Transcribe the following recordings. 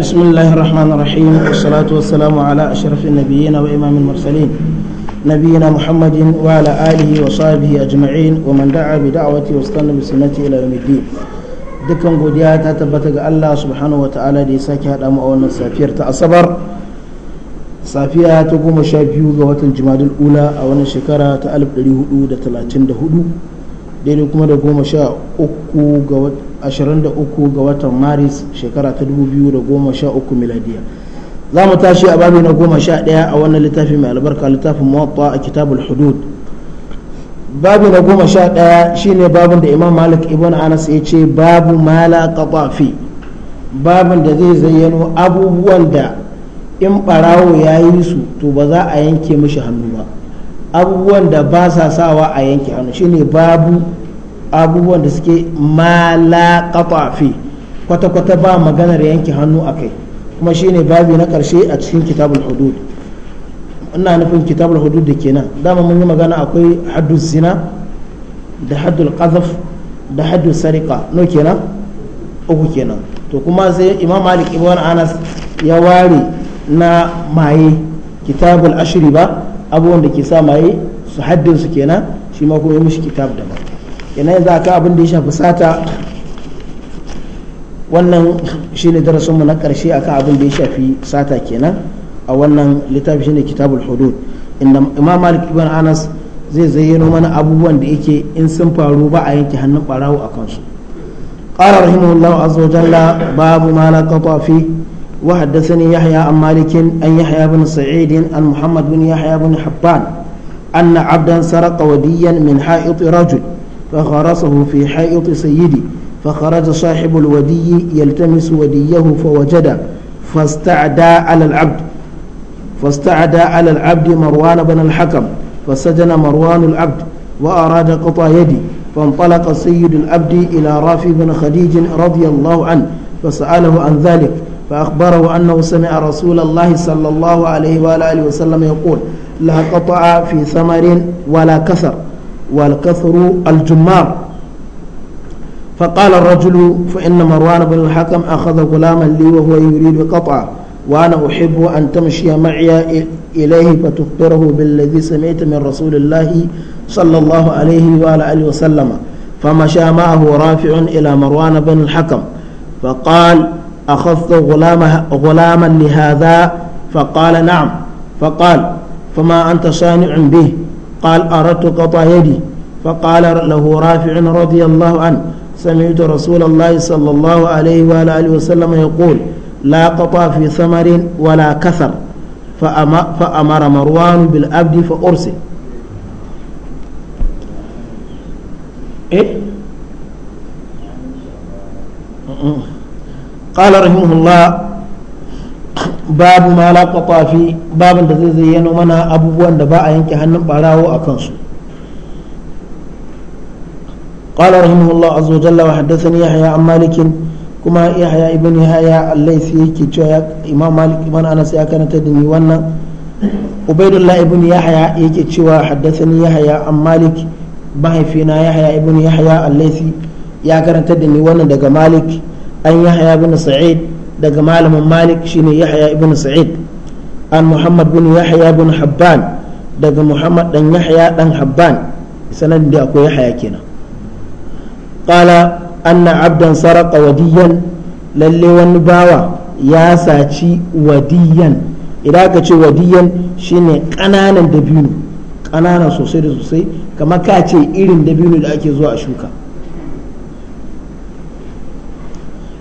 بسم الله الرحمن الرحيم والصلاة والسلام على أشرف النبيين وإمام المرسلين نبينا محمد وعلى آله وصحبه أجمعين ومن دعا بدعوته واستنى بسنته إلى يوم الدين dukkan godiya ta tabbata ga Allah subhanahu wa ta'ala da ya sake haɗa mu a wannan safiyar ta asabar safiya ta goma sha biyu ga watan jimadul ula a wannan shekara ta 1434 daidai kuma da goma sha uku ga ashirin da uku ga watan maris shekara ta dubu biyu da goma sha uku miladiya za mu tashi a babi na goma sha ɗaya a wannan littafi mai albarka littafin muwatta a kitabul hudud babi na goma sha ɗaya shine babin da imam malik ibn anas ya ce babu mala kafafi babin da zai zayyano abubuwan da in ɓarawo ya yi su to ba za a yanke mishi hannu ba abubuwan da ba sa sawa a yanke hannu shine babu abubuwan da suke malakata kwata-kwata ba maganar yanke hannu a kai kuma shine babi na karshe a cikin kitabul hudud ina nufin kitabul hudud da kenan dama mun yi magana akwai haddun zina da haddul qazaf da haddun sarika no kenan uku kenan to kuma sai imam malik ibn anas ya ware na maye kitabul ashri ba abubuwan da ke sa maye su haddin su kenan shi ma kuma yi mushi kitab da ba yana yanzu aka abin da ya shafi sata wannan shi shine darasinmu na karshe akan abin da ya shafi sata kenan a wannan littafi shi ne kitabul hudud inda imam malik ibn anas zai zayyano mana abubuwan da yake in sun faru ba a yanke hannun barawo a kansu qala rahimahullahu jalla babu mana kafafi. وحدثني يحيى عن مالك أن يحيى بن سعيد عن محمد بن يحيى بن حبان أن عبدا سرق وديا من حائط رجل فغرسه في حائط سيدي فخرج صاحب الودي يلتمس وديه فوجده فاستعدى على العبد فاستعدى على العبد مروان بن الحكم فسجن مروان العبد وأراد قطع يدي فانطلق سيد العبد إلى رافي بن خديج رضي الله عنه فسأله عن ذلك فأخبره أنه سمع رسول الله صلى الله عليه وآله وسلم يقول لا قطع في ثمر ولا كثر والكثر الجمار فقال الرجل فإن مروان بن الحكم أخذ غلاما لي وهو يريد قطعه وأنا أحب أن تمشي معي إليه فتخبره بالذي سمعت من رسول الله صلى الله عليه وآله وسلم فمشى معه رافع إلى مروان بن الحكم فقال أخذت غلام غلاما لهذا فقال نعم فقال فما أنت صانع به قال أردت قطع يدي فقال له رافع رضي الله عنه سمعت رسول الله صلى الله عليه وآله وسلم يقول لا قطع في ثمر ولا كثر فأمر مروان بالأبد فأرسل إيه؟ قال رحمه الله babu ma la kwafafi babin da zai zayyano mana abubuwan da ba a yanke hannun barawo a kansu qala rahimahullah azza wa jalla wa haddathani yahya an malik kuma yahya ibn yahya al-laythi yake cewa imam malik ibn anas ya karanta da ni wannan ubaidullah ibn yahya yake cewa mahaifina yahya ibn yahya ya karanta da ni wannan daga malik an yahaya ibn sa'id daga malamin malik shine yahya ibn sa'id an muhammad bin yahya bin habban daga muhammad dan yahya dan habban sanan da akwai yahya kenan qala anna abdan sarqa wadiyan lalle wani bawa ya saci wadiyan idan ka ce wadiyan shine kananan dabino kanana sosai da sosai kamar ka ce irin dabino da ake zuwa a shuka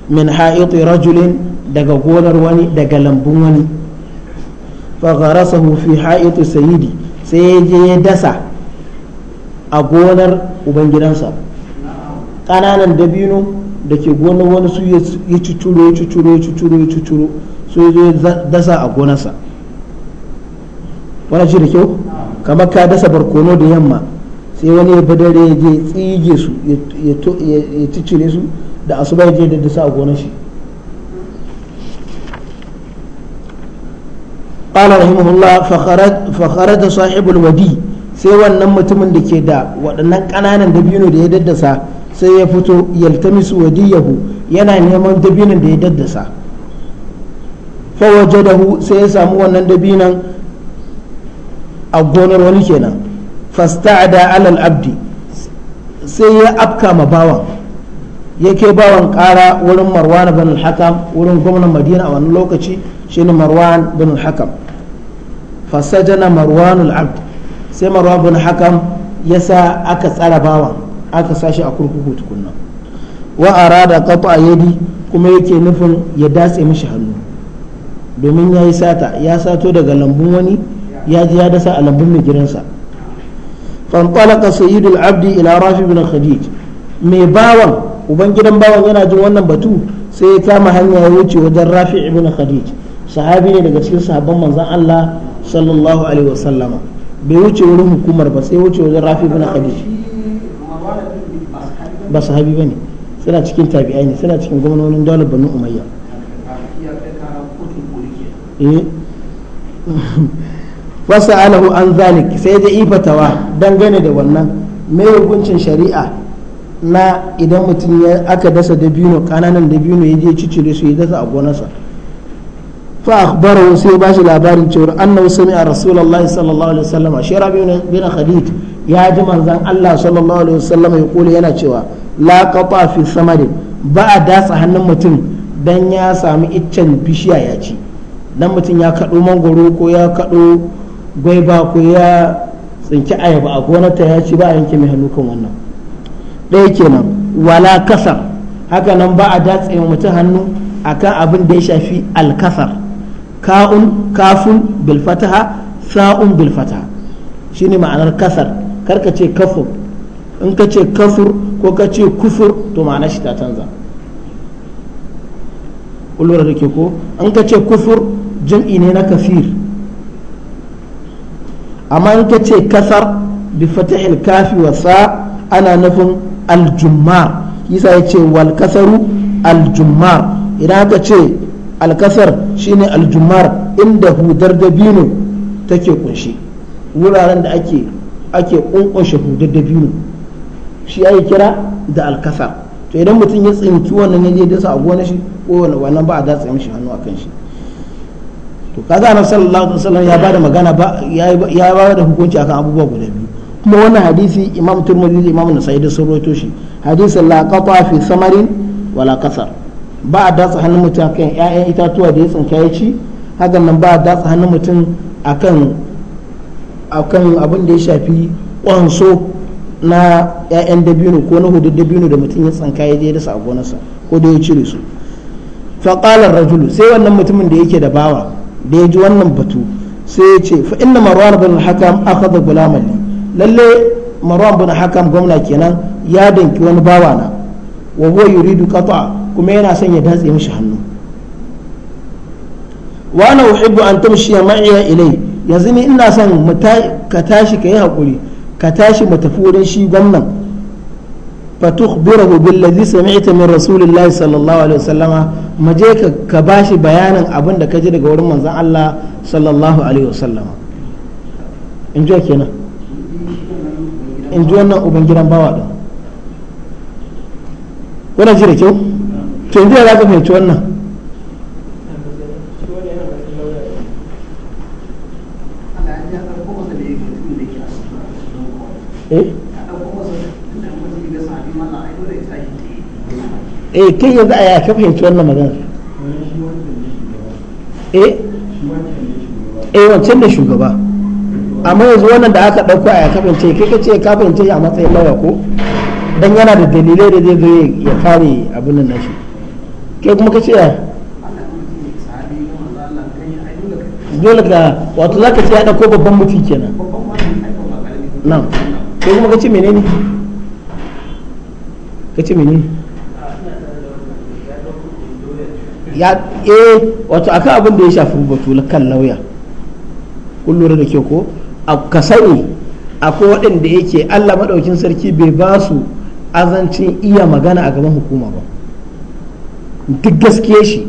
min haiti rajulin daga gonar wani daga lambun wani fagharasahu fi haiti sayidi sai ya je ya dasa a gonar ubangidansa ƙananan dabino da ke gonar wani su ya cucuro ya cucuro ya cucuro ya cucuro su ya dasa a gonarsa wani shi da kyau kamar ka dasa barkono da yamma sai wani ya badare ya je tsige su ya cicire su da asuba ya je da a gonar shi قال rahimahullah الله فخرج فخرج صاحب wadi sai wannan mutumin da ke da waɗannan ƙananan dabino da ya daddasa sai ya fito yaltamisu wadiyahu yana neman dabinon da ya daddasa hu sai ya samu wannan dabinon a gonar wani kenan fasta fasta'ada alal abdi sai ya afka ma bawan yake bawan ƙara wurin marwan bin hakam wurin gwamnan madina a wani lokaci shine marwan bin hakam fasajana marwan al-abd sai marwan bin hakam ya sa aka tsara bawan aka sashi a kurkuku tukunna wa arada qata yadi kuma yake nufin ya datse mishi hannu domin ya yi sata ya sato daga lambun wani ya ji ya dasa a lambun mai gidansa fantalaka sayyidul abdi ila rafi bin khadij mai bawan ubangidan bawan yana jin wannan batu sai ya kama hanya ya wuce wajen rafi ibn khadij sahabi ne daga cikin sahabban manzon Allah sallallahu alaihi wasallama bai wuce wurin hukumar ba sai wuce wajen rafi ibn khadij ba sahabi bane suna cikin tabi'ai ne suna cikin gwamnonin daular banu umayya fasa eh. alahu an zalik sai da ifatawa dangane da wannan mai hukuncin shari'a na idan mutum ya aka dasa dabino kananan dabino ya je cicire su ya dasa a gonarsa fa akhbarahu sai ya bashi labarin cewa annahu sami'a rasulullahi sallallahu alaihi wasallam shi rabi bin khadid ya ji manzon Allah sallallahu alaihi wasallam ya kula yana cewa la qata fi samarin ba a dasa hannun mutum dan ya sami iccen bishiya ya ci dan mutum ya kado mangoro ko ya kado gwaiba ko ya tsinki ayaba a gonarta ya ci ba a yanke mai hannu kan wannan ɗaya kenan wala kasar haka nan ba a datse mutum hannu akan abin da ya shafi alkasar ka'un kafun bilfataha fataha sa'un bilfataha shi ne ma'anar kasar karka ce kafur in ka ce kafur ko ka ce kufur to ma'ana shi ta canza kullum da ke ko in ka ce kufur jam'i ne na kafir amma in ka ce kasar bi kafi wasa ana nufin aljummar isa ya ce wa alkasaru aljummar idan aka ce alkasar shine aljummar inda hudar dabino take kunshi wuraren da ake ake kunkunshi hudar dabino shi ya kira da alkasar to idan mutum ya tsinki wannan ya je dasa a gona shi ko wannan ba a datsa mishi hannu a kan shi to kaza na sallallahu alaihi wasallam ya bada magana ba ya ba da hukunci akan abubuwa guda biyu kuma wannan hadisi imam turmudi imam da sun roto shi hadisin la fi samarin wala kasar ba a datsa hannun mutum akan ƴaƴan itatuwa da ya tsinka ya ci hakan nan ba a datsa hannun mutum akan akan abin da ya shafi ƙwanso na ƴaƴan dabino ko na hudu dabino da mutum ya tsinka ya je da sa gonarsa ko da ya cire su fa qala rajulu sai wannan mutumin da yake da bawa da ya ji wannan batu sai ya ce fa inna marwan bin hakam akhadha gulaman lalle marwan bin hakan gwamna kenan ya danki wani bawa na wa huwa yuridu qata kuma yana son ya datse mishi hannu wa ana uhibbu an tamshiya ma'iya ilai yanzu ni ina son ka tashi ka yi hakuri ka tashi mu tafi wurin shi gwamnan fa bil ladhi sami'ta min rasulillahi sallallahu alaihi wasallama je ka ka bashi bayanin abin da ka ji daga wurin manzon Allah sallallahu alaihi wasallama in ji kenan in ji wannan uban gidan bawa ɗin wani ji da kyau to yanzu ya za ka fahimci wannan eh, eh kai yanzu a ya fahimci wannan magana eh eh wancan da shugaba amma yanzu wannan da aka ɗauko a ya kafance kai kace ka fahimce a matsayin lauya ko dan yana da dalilai da zai zo ya kare abin nan shi kai kuma kace ya dole ka wato zaka ce ya ɗauko babban mutum kenan nan kai kuma kace menene kace menene ya eh wato akan abin da ya shafi rubutu kan lauya kun lura da kyau ko ka sani akwai waɗanda yake Allah maɗaukin sarki bai ba su azancin iya magana a gaban hukuma ba duk gaskiya shi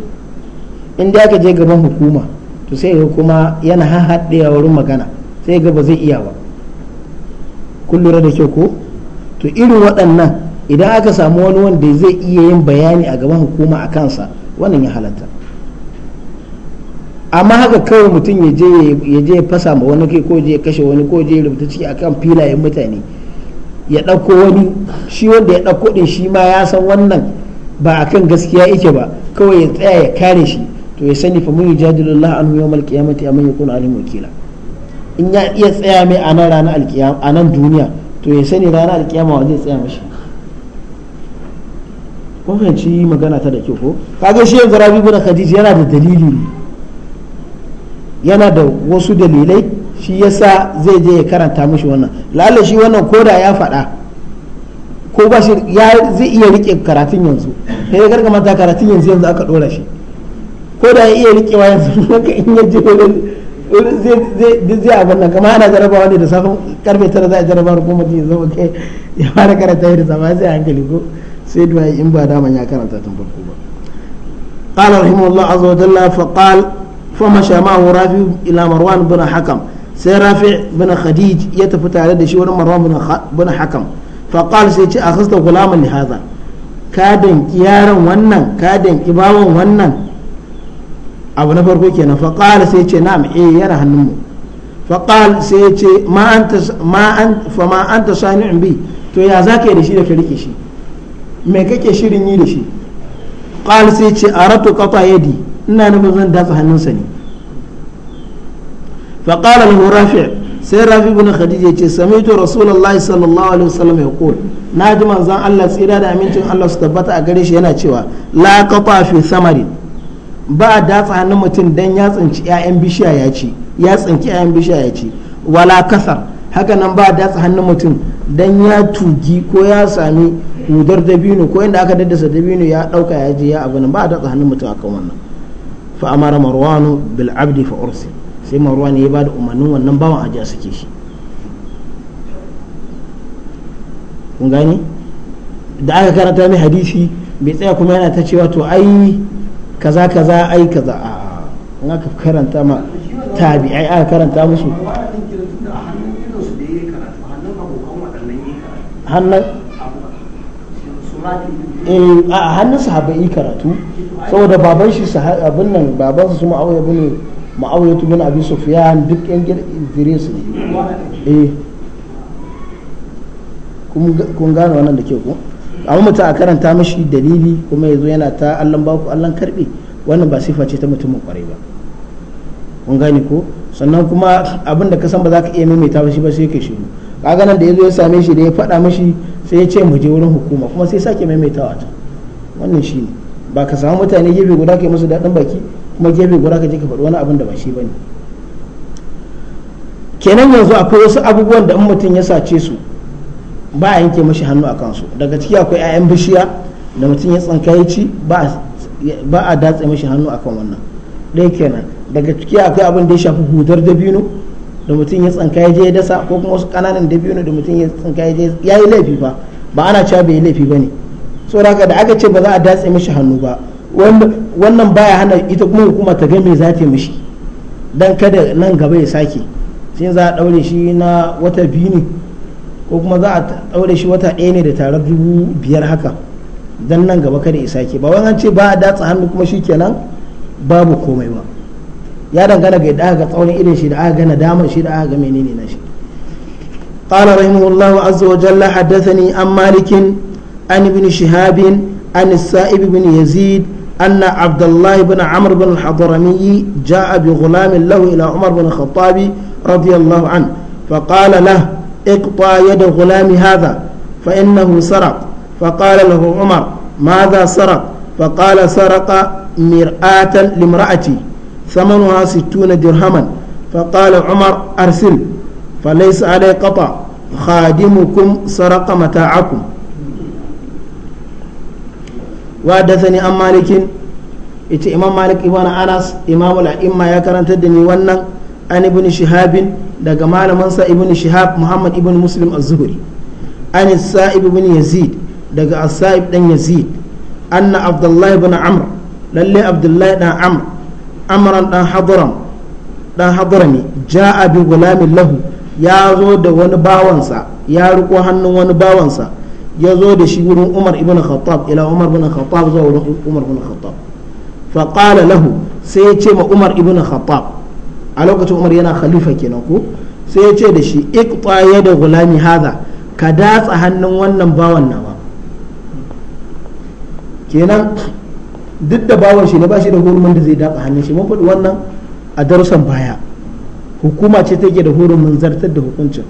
inda aka je gaban hukuma to sai ya kuma yana haɗewa wurin magana sai ga ba zai iya ba kun da kyau ko to irin waɗannan idan aka samu wani wanda zai iya yin bayani a gaban hukuma a kansa wannan ya halatta amma haka kawai mutum ya je ya fasa ma wani kai ko je kashe wani ko je rubuta ciki akan filayen mutane ya ɗauko wani shi wanda ya ɗauko ɗin shi ma ya san wannan ba akan gaskiya yake ba kawai ya tsaya ya kare shi to ya sani fa mun yujadilu Allah anhu yawmal qiyamati amman kuna alim wakila in ya iya tsaya mai a nan ranar alkiyama a nan duniya to ya sani ranar alkiyama wa zai tsaya mashi ko fahimci magana ta da kyau ko kaga shi yanzu rabi bin khadija yana da dalili ne yana da wasu dalilai shi yasa zai je ya karanta mishi wannan lalle shi wannan koda ya faɗa ko ba shi ya zai iya rike karatun yanzu sai ya karga mata karatun yanzu yanzu aka dora shi ko da ya iya rike wa yanzu haka in ya je zai zai abin nan kama ana jarabawa ne da safin karfe tara za a jaraba ko mutum ya zama kai ya fara karanta yadda zama sai hankali ko sai duwai in ba daman ya karanta tun farko ba قال رحمه الله عز وجل فقال فمشى معه رافع إلى مروان بن حكم سي بن خديج يتفت على دشي ورا مروان بن حكم فقال سي أخذت غلاما لهذا كادن كيارا ونن كادن إباوا ونن abu na farko kenan faƙal sai ce na'am eh yana hannunmu faƙal sai ya ce ma an fa ma an ta sani'un bi to ya za ka yi da shi da ka rike shi me kake shirin yi da shi ƙal sai ce aratu qata yadi ina nufin zan datsa hannunsa ne faƙala lahu rafi sai rafi bin khadija ce sami to rasulullahi sallallahu alaihi wasallam ya kul na ji manzon Allah tsira da amincin Allah su tabbata a gare shi yana cewa la kafa fi samari ba a datsa hannun mutum dan ya tsinci ƴaƴan bishiya ya ci ya tsinci 'ya'yan bishiya ya ci wala kasar haka nan ba datsa hannun mutum dan ya tugi ko ya sami hudar dabino ko inda aka daddasa dabino ya dauka ya je ya abu nan ba a datsa hannun mutum akan wannan fa amara marwanu bil abdi fa ursi sai marwan ya bada umarnin wannan bawan aje suke shi kun gani da aka karanta mai hadisi bai tsaya kuma yana ta cewa to ai kaza kaza ai kaza a in aka karanta ma tabi ai aka karanta musu hannun Eh, a hannun yi karatu saboda baban shi abin nan baban su ma'auya bane ma'auya tu bin abi sufyan duk yan idris ne eh. kun gane wannan da ke ku amma mutum a karanta mashi dalili kuma yazo yana ta allan baku allan karbe wannan ba sifa ce ta mutumin kwarai ba kun gane ko sannan kuma abin da ka san ba za ka iya maimaita ba shi ba sai ka shiru kaga nan da yazo ya same shi da ya faɗa mashi sai ya ce mu je wurin hukuma kuma sai sake maimaitawa ta wannan shi ne ba ka samu mutane gefe guda ka yi musu daɗin baki kuma gefe guda ka je ka faɗi wani abin da ba shi bane kenan yanzu akwai wasu abubuwan da in mutum ya sace su ba a yanke mashi hannu a kansu daga ciki akwai 'ya'yan bishiya da mutum ya tsanka ya ci ba a datse mashi hannu a kan wannan ɗaya kenan daga ciki akwai abin da ya shafi hudar dabino da mutum ya tsanka ya je ya dasa ko kuma wasu kananan biyu da mutum ya tsanka ya je ya yi laifi ba ba ana cewa bai yi laifi ba ne saboda da aka ce ba za a datse mishi hannu ba wannan baya hana ita kuma hukuma ta ga me za ta mishi dan kada nan gaba ya sake sai za a daure shi na wata biyu ne ko kuma za a daure shi wata ɗaya ne da tarar dubu biyar haka dan nan gaba kada ya sake ba wani an ce ba a datsa hannu kuma shi kenan babu komai ba ya dangana ga yadda aka tsawon irin shi da aka gana dama shi da aka ga menene na shi qala rahimahullahu azza wa jalla haddathani an malikin an ibn shihabin an sa'ib ibn yazid أن عبد الله بن عمرو بن الحضرمي جاء بغلام له إلى عمر بن الخطاب رضي الله عنه فقال له اقطع يد غلام هذا فإنه سرق فقال له عمر ماذا سرق فقال سرق مرآة لامرأتي ثمنها ستون درهما فقال عمر أرسل فليس علي قطع خادمكم سرق متاعكم وحدثني أم مالك ita imam malik ibn anas imamu al'imma ya karantar da ni wannan an ibn shihabin daga ibn shihab muhammad ibn muslim az-zuhri an sa'ib ibn yazid daga as-sa'ib dan yazid anna abdullah ibn amr lalle abdullah dan amr amran dan hadaram dan hadarami ja'a bi gulamin lahu ya zo da wani bawansa ya riko hannun wani bawansa ya zo da shi wurin umar ibn khattab ila umar ibn khattab zuwa wurin umar ibn khattab fa qala lahu sai ya ce ma umar ibn khattab a lokacin umar yana khalifa kenan ko sai ya ce da shi iqta yada gulami hadha ka datsa hannun wannan bawan nawa kenan duk da bawan shi ne ba shi da hurumin da zai daƙa hannun shi mun faɗi wannan a darussan baya hukuma ce take da hurumin zartar da hukuncin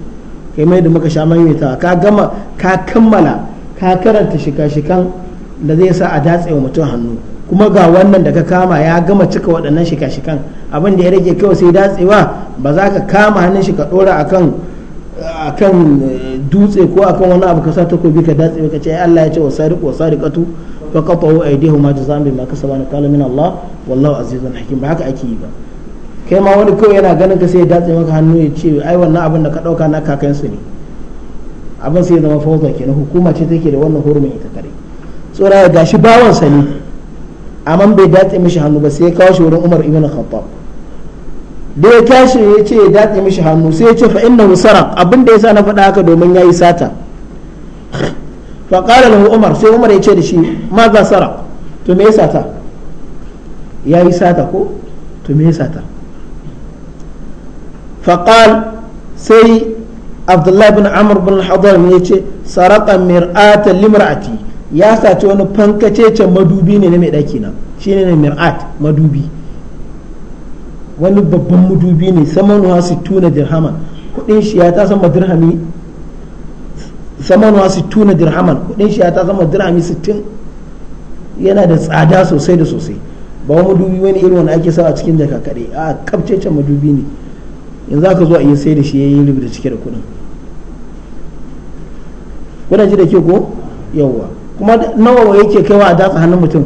kai mai da muka sha maimaitawa ka gama ka kammala ka karanta shika-shikan da zai sa a datse wa mutum hannu kuma ga wannan da ka kama ya gama cika waɗannan shika-shikan abin da ya rage kawai sai datsewa ba za ka kama hannun shi ka ɗora akan akan eh, dutse ko akan wani abu ka sa takobi ka datse ka ce ai Allah ya ce wa wasariqatu فقطعوا أيديهما جزاء بما من الله والله عزيز حكيم بحق kai ma wani kawai yana ganin ka sai ya datse maka hannu ya ce ai wannan abin da ka dauka na kakansu ne abin sai ya zama fauza kenan hukuma ce take da wannan hurumin ita kare tsora ya gashi bawan sa ne amma bai datse mishi hannu ba sai ya kawo shi wurin Umar ibn Khattab da ya tashi ya ce ya datse mishi hannu sai ya ce fa innahu musara abin da yasa na faɗa haka domin yayi sata fa qala lahu umar sai umar ya ce da shi ma za to me yasa ta yayi sata ko to me yasa ta fa qala sai abdullahi bin amr bin hadar ya ce saraka mir'ata limra'ati ya sace wani fankacecen madubi ne na mai na shine ne mir'at madubi wani babban madubi ne saman wa sittuna dirhaman kudin shi ya ta sama dirhami samanuwa tuna dirhaman kudin shi ya ta zama dirhami sittin yana da tsada sosai da sosai ba wani madubi wani irin wanda ake sawa cikin jaka kaɗai a kabcecen madubi ne yanzu aka zo a yi sai da shi ya yi da cike da kudin kuna ji da ke ko yawwa kuma nawa yake kaiwa a datsa hannun mutum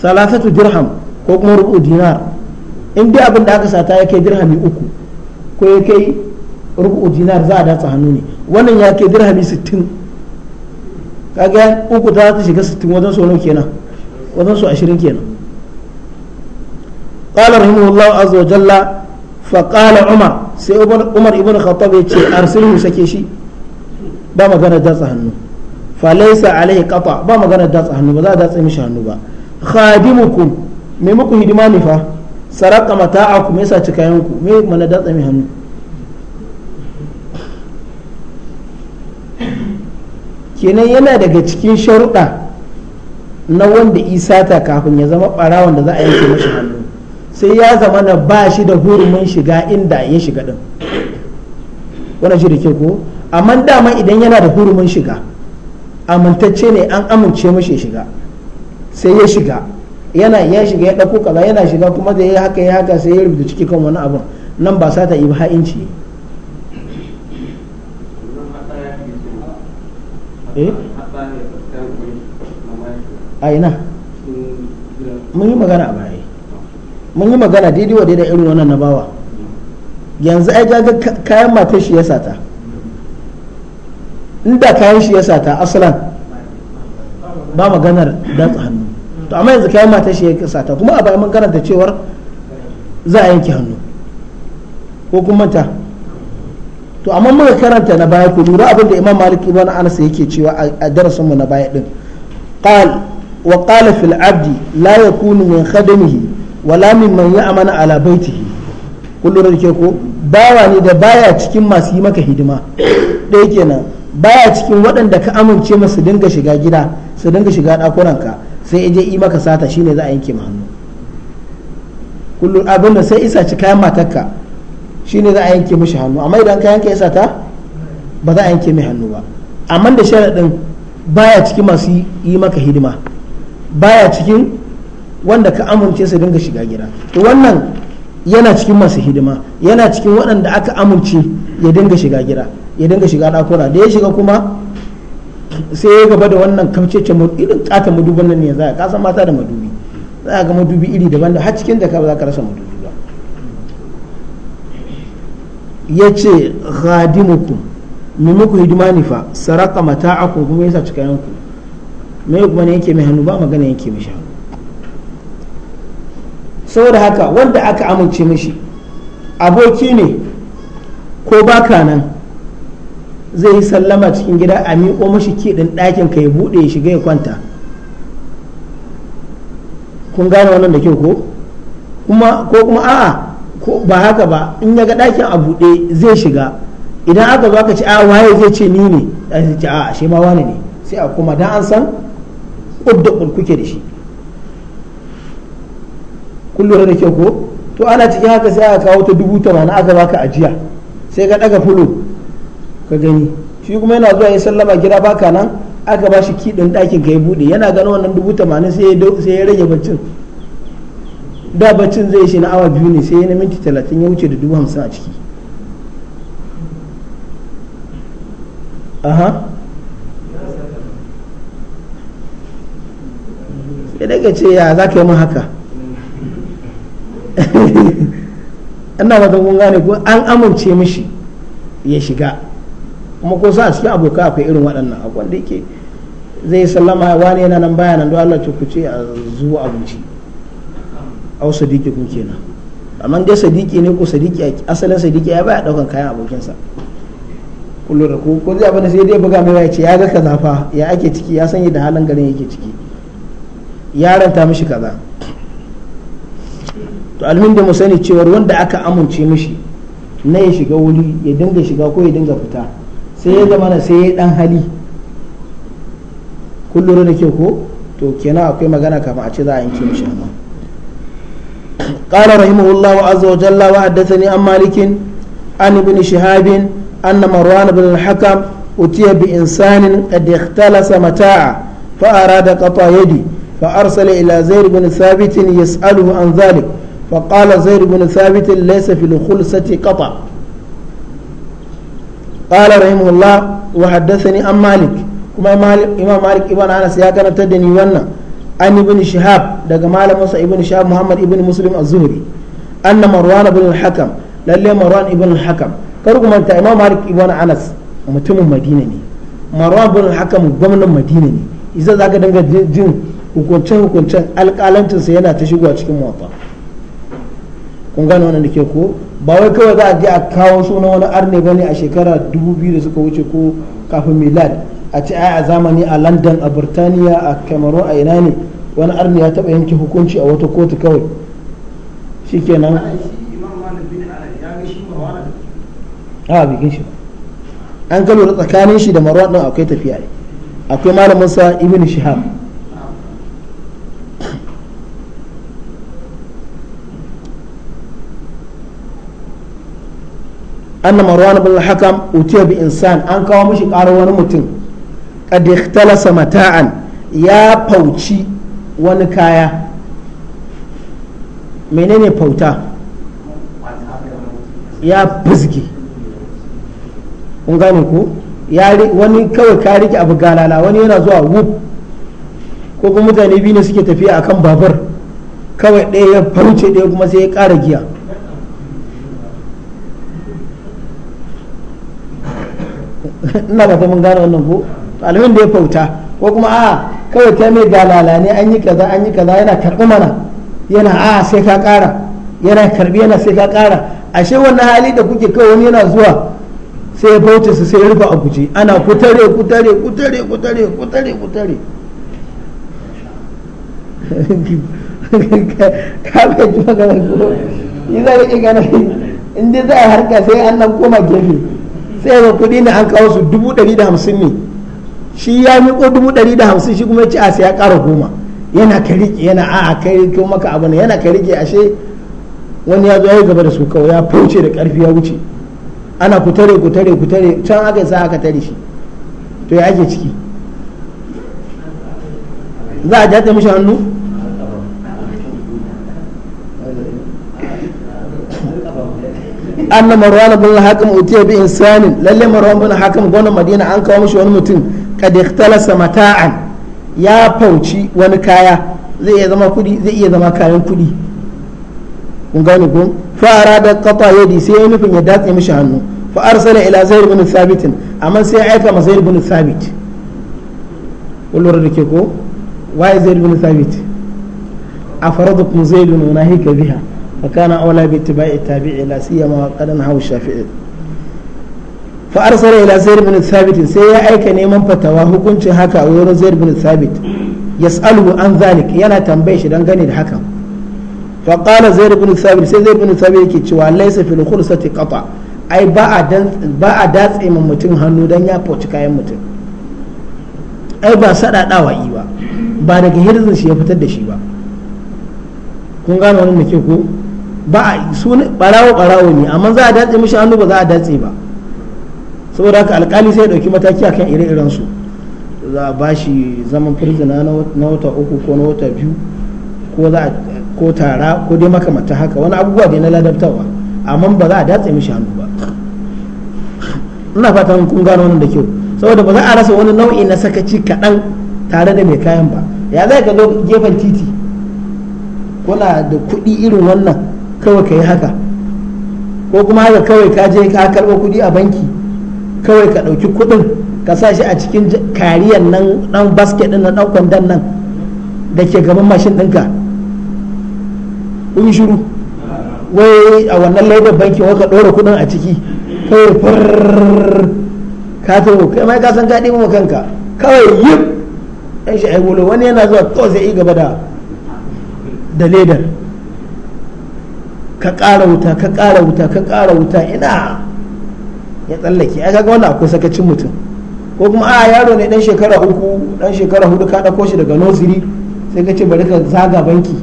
salasatu dirham ko kuma rubu dinar in dai abin da aka sata ya kai dirhami uku ko ya kai rubu dinar za a datsa hannu ne wannan ya ke dirhami 60 kaga uku ta ta shiga 60 wajen so kenan wajen so 20 kenan qala rahimahullahu azza wa jalla fa qala umar sai umar ibn khattab ya ce arsilhu sake shi ba magana datsa hannu fa laysa alayhi qata ba magana datsa hannu ba za a datsa mishi hannu ba khadimukum me muku hidima ne fa saraka mata'akum yasa cikayanku me mana datsa mi hannu kenan yana daga cikin sharuɗa na wanda isa ta kafin ya zama barawon da za a yanke mashi hannu sai ya zama na ba shi da hurumin shiga inda ya shiga ɗin wani shi da ke ko amma dama idan yana da hurumin shiga amintacce ne an amince mashi shiga sai ya shiga yana ya shiga ya ɗauko kaza yana shiga kuma da ya haka ya haka sai ya rubuta ciki kan wani abin nan ba sa ta yi ba ha'inci Eh? a ina mun yi magana a baya mun yi magana daidai wa daidai irin wannan na bawa yanzu ai ga kayan matar shi ya sata inda kayan shi ya sata asalan ba maganar datsa hannu to amma yanzu kayan matar shi ya sata kuma a baya mun karanta cewar za a yanke hannu ko kun manta to amma muka karanta na baya ku lura abin da imam malik ibn anas yake cewa a darasin mu na baya din qal wa qala fil abdi la yakunu min khadamihi wala man ya'mana ala baitihi kun lura ke ko bawa ne da baya cikin masu yi maka hidima ɗaya kenan baya cikin waɗanda ka amince masu su dinga shiga gida su dinga shiga ka sai je yi maka sata shine za a yanke ma hannu kullum abin sai isa ci kayan matarka shi ne za a yanke mishi hannu amma idan ka yanke yasa ta ba za a yanke mai hannu ba amma da sharaɗin baya cikin masu yi maka hidima baya cikin wanda ka amince su dinga shiga gida to wannan yana cikin masu hidima yana cikin waɗanda aka amince ya dinga shiga gida ya dinga shiga ɗakuna da ya shiga kuma sai ya gaba da wannan kamcece irin ƙata madubin nan ne za a kasa mata da madubi za a ga madubi iri daban da har cikin da ka ba za ka rasa madubi ya ce ghadimukum mai muku hidima ne fa saraka mata'akum kuma ya cika kayanku mai kuma ne yake mai hannu ba magana yake mai sha. saboda haka wanda aka amince mishi aboki ne ko baka nan zai yi sallama cikin gida a miƙo mashi kiɗin ɗakin ka ya buɗe ya shiga ya kwanta kun gane wannan da kyau ko kuma ko kuma a'a ko ba haka ba in ya ga ɗakin a buɗe zai shiga idan aka zo aka ce a ah, waye zai ce ni ne a zai ce a ah, ashe ma wani ne sai a kuma dan an san ƙudda kuke da shi kullum da kyau ko to ana cikin haka sai aka kawo ta dubu tamanin aka baka ajiya sai ka ɗaga fulo ka gani shi kuma yana zuwa ya sallama gida baka nan aka ba shi kiɗin ɗakin ka ya buɗe yana ganin wannan dubu tamanin sai ya rage baccin da baccin zai shi na awa biyu ne sai na minti talatin ya wuce da dubu hamsin a ciki aha sai daga ce ya za ka yi haka ina ba kun gane ko an amince mishi ya shiga kuma ko sa a cikin abokan akwai irin waɗannan akwai da yake zai sallama wani yana nan baya nan don Allah ce ku ce a zuwa abinci au sadiki ku kenan amma dai sadiki ne ko sadiki asalin sadiki ya baya daukan kayan abokinsa kullu da ku ko zai sai dai buga mai ya ce ya ga kaza fa ya ake ciki ya sanya da halin garin yake ciki yaron ta mishi kaza to almin da mu sani cewar wanda aka amince mishi na ya shiga wuri ya dinga shiga ko ya dinga fita sai ya zama sai ya dan hali kullum da ke ko to kenan akwai magana kafin a ce za a yanke mishi amma قال رحمه الله عز وجل وحدثني عن مالك عن ابن شهاب أن مروان بن الحكم أتي بإنسان قد اختلس متاعه فأراد قطع يدي فأرسل إلى زيد بن ثابت يسأله عن ذلك فقال زيد بن ثابت ليس في الخلسة قطع قال رحمه الله وحدثني عن مالك كما مالك إمام مالك ابن أنس يا كانت تدني ونه an ibn shihab daga malaminsa ibn shihab muhammad ibn muslim az-zuhri anna marwan ibn al-hakam lalle marwan ibn al-hakam kar ku manta imam malik ibn anas mutumin madina ne marwan ibn al-hakam gwamnan madina ne isa zaka danga jin hukunce hukuncen alƙalancin sa yana ta shigowa cikin muwatta kun gane wannan da ke ko ba wai kawai za a je a kawo sunan wani arne bane a shekara biyu da suka wuce ko kafin milad a ce a zamani a london a burtaniya a cameroon a ina ne wani arni ya taba yanke hukunci a wata kotu kawai shikenan a bikin shi an ka lura tsakanin shi da marwan din akwai tafiya ne akwai malamin sa ibn shihab anna marwan bin hakam utiya bi insan an kawo mashi karar wani mutum qad ikhtalasa mata'an ya fauci wani kaya menene fauta ya kun gane wani kawai ka rike abu galala wani yana zuwa wub ko kuma mutane biyu ne suke tafiya akan babur kawai ɗaya ya fauce ɗaya kuma sai ya ƙara giya ina ba mun gane wannan ko ɗalibin da ya fauta ko kuma a kawai ta mai galala ne an yi kaza an yi kaza yana karɓi mana yana a sai ka ƙara yana karɓi yana sai ka ƙara ashe wannan hali da kuke kawai wani yana zuwa sai ya bauta su sai ya rufe a guje ana kutare kutare kutare kutare kutare kutare ka bai ji magana ko yi za ka ƙi gana in dai za a harka sai an nan koma gefe sai ga kuɗi ne an kawo su dubu ɗari da hamsin ne shi ya miƙo dubu ɗari da hamsin shi kuma ya ce a sai ya ƙara goma yana ka riƙe yana a'a kai riƙe maka abu ne yana ka riƙe ashe wani ya zo ya gaba da su kawai ya fauce da ƙarfi ya wuce ana ku tare ku tare ku tare can aka sa aka tare shi to ya ake ciki za a jata mishi hannu anna marwan bin hakim utiya bi insanin lalle marwan bin hakan gonan madina an kawo mashi wani mutum kad ikhtalasa mata'an ya fauci wani kaya zai iya zama kudi zai iya zama kayan kudi kun gane kun fara da qata yadi sai ya nufin ya datse mishi hannu fa arsala ila zayr bin thabit amma sai ya aika ma zayr bin thabit kullur da ke ko waye zayd ibn thabit afaradukum zayd wa nahika biha fa kana awla bi ittiba'i tabi'i la siyama qadan qad nahaw shafi'i fa arsala ila zayd bin thabit sai ya aika neman fatawa hukuncin haka wurin zayd bin thabit yas'aluhu an zalik yana tambaye shi dan gane da haka fa qala zayd bin thabit sai zayd bin thabit yake cewa laysa fil khursati qata ai ba a ba a datse mun mutum hannu dan ya foci kayan mutum ai ba sadadawa yi ba ba daga hirzin shi ya fitar da shi ba kun gane wannan da ke ko ba a sunan barawo barawo ne amma za a datse mishi hannu ba za a datse ba saboda haka alkali sai ya dauki mataki akan ire-iren su za a bashi zaman firzina na wata uku ko na wata biyu ko za ko tara ko dai makamata haka wani abubuwa dai na ladabtarwa amma ba za a datse mishi hannu ba ina fatan kun gano wannan da kyau saboda ba za a rasa wani nau'i na sakaci kaɗan tare da mai kayan ba ya zai ka zo gefen titi kuna da kuɗi irin wannan kawai ka yi haka ko kuma haka kawai ka je ka karɓo kuɗi a banki kawai ka ɗauki kuɗin ka sa shi a cikin kariyar nan ɗan basket ɗin nan ɗan kwandon nan da ke gaban mashin ɗinka kun shiru wai a wannan laidar bankin waka ɗora kuɗin a ciki kawai farrrr ka kai mai kasan ka kanka kawai yi ɗan shi wani yana zuwa to sai gaba da da ledar ka ƙara wuta ka ƙara wuta ka ƙara wuta ina ya tsallake ai kaga wannan akwai sakacin mutum ko kuma a yaro ne dan shekara uku dan shekara hudu ka dauko shi daga nursery sai ka ce bari ka zaga banki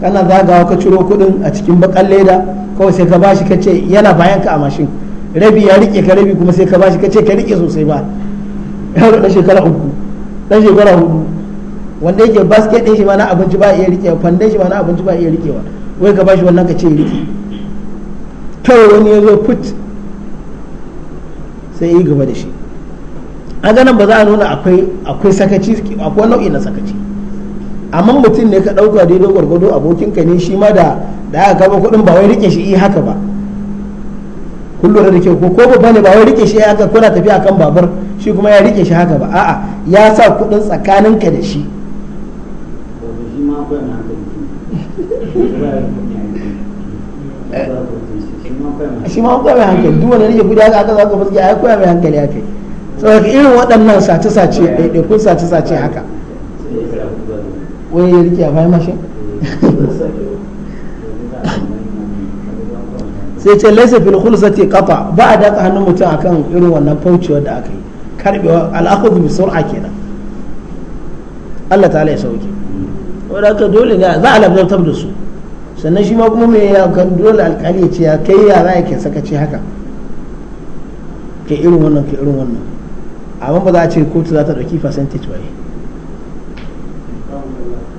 kana zagawa ka ciro kudin a cikin bakan leda kawai sai ka bashi ka ce yana bayan ka a mashin rabi ya rike ka rabi kuma sai ka bashi ka ce ka rike sosai ba yaro dan shekara uku dan shekara hudu wanda yake basket din shi ma na abinci ba iya rikewa fandan shi ma na abinci ba iya rikewa wai ka bashi wannan ka ce rike kawai wani ya zo put sai yi gaba da shi an ganin ba za a nuna akwai sakaci akwai nau'i na sakaci amma mutum ne ka ɗauka daidai gwargwado abokinka ne shi ma da da aka kama kuɗin ba wai rike shi yi haka ba kun da kyau ko ko babba ne ba wai rike shi haka kuna tafiya kan babur shi kuma ya rike shi haka ba a'a ya sa kuɗin tsakaninka da shi shi ma koya mai hankali duk wanda nake guda haka za ka fasge ya koya mai hankali haka saboda irin waɗannan sace-sace ɗaiɗaikun sace-sace haka wani ya rike a bayan mashin sai ce laisa fil khulsati qata ba a datsa hannun mutum akan irin wannan faucewa da aka yi karbewa al'akhudhu bi sur'a kenan Allah ta'ala ya sauke wanda dole ne za a labdabtar da su sannan shi ma kuma mai kan dole alkali ya ce ya kai ya za ke ce haka ke irin wannan ke irin wannan amma ba za a ce kotu za ta ɗauki percentage ba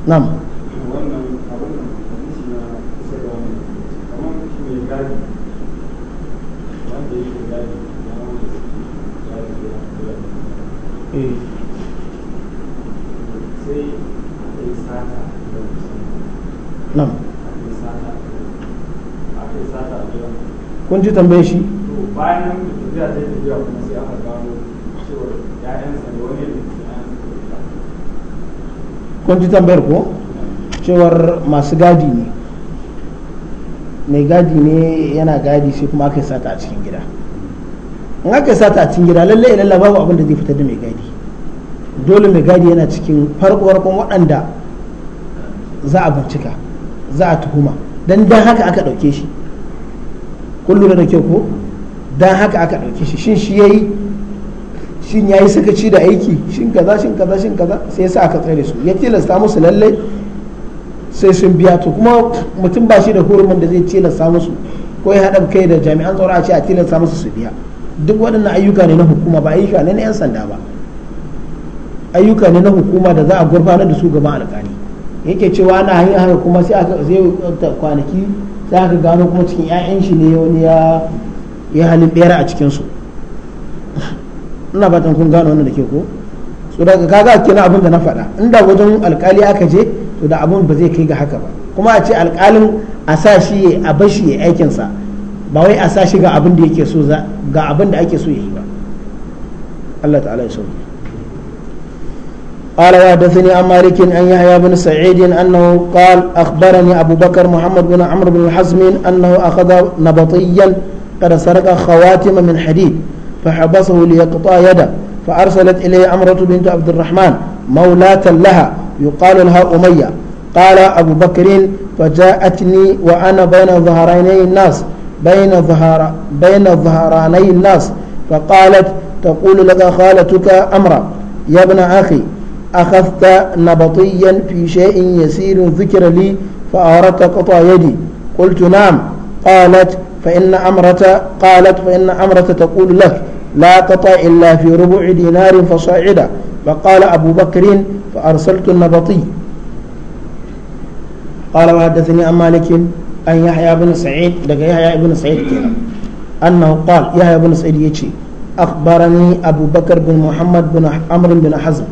nam eh. nam kun ji tambaye shi kun ji tambayar ko cewar masu gadi ne mai gadi ne yana gadi sai kuma aka sata a cikin gida in aka sata a cikin gida lalle ilalla babu abin da zai fitar da mai gadi dole mai gadi yana cikin farko-farkon waɗanda za a bincika za a tuhuma don don haka aka ɗauke shi kullum da ke ko dan haka aka ɗauke shi shin shi yayi shin yayi sakaci da aiki shin kaza shin kaza shin kaza sai yasa aka tsare su ya tilasta musu lalle sai sun biya to kuma mutum ba shi da hurumin da zai tilasta musu ko ya haɗa kai da jami'an tsaro a ce a tilasta musu su biya duk waɗannan ayyuka ne na hukuma ba ayyuka ne na 'yan sanda ba ayyuka ne na hukuma da za a gurfanar da su gaban alƙali yake cewa ana hanyar haka kuma sai a kwanaki sai ka gano kuma cikin 'ya'yan shi ne wani ya ya halin bera a cikin su ina fatan kun gano wannan da ke ko so daga kaga kenan abin da na faɗa inda wajen alkali aka je to da abin ba zai kai ga haka ba kuma a ce alkalin a sa shi a bar shi ya aikin sa ba wai a sa shi ga abin da yake so ga abin da ake so ya yi ba Allah ta'ala ya sauke قال وحدثني عن مالك ان يحيى بن سعيد انه قال اخبرني ابو بكر محمد بن عمرو بن الحزم انه اخذ نبطيا قد سرق خواتم من حديد فحبسه ليقطع يده فارسلت اليه عمره بنت عبد الرحمن مولاة لها يقال لها اميه قال ابو بكر فجاءتني وانا بين ظهراني الناس بين ظهر بين ظهراني الناس فقالت تقول لك خالتك امرا يا ابن اخي أخذت نبطيا في شيء يسير ذكر لي فأردت قطع يدي قلت نعم قالت فإن أمرة قالت فإن أمرة تقول لك لا قطع إلا في ربع دينار فصاعدا فقال أبو بكر فأرسلت النبطي قال وحدثني عن مالك أن يحيى بن سعيد لقى يحيى بن سعيد كنا أنه قال يحيى بن سعيد يجي أخبرني أبو بكر بن محمد بن عمرو بن حزم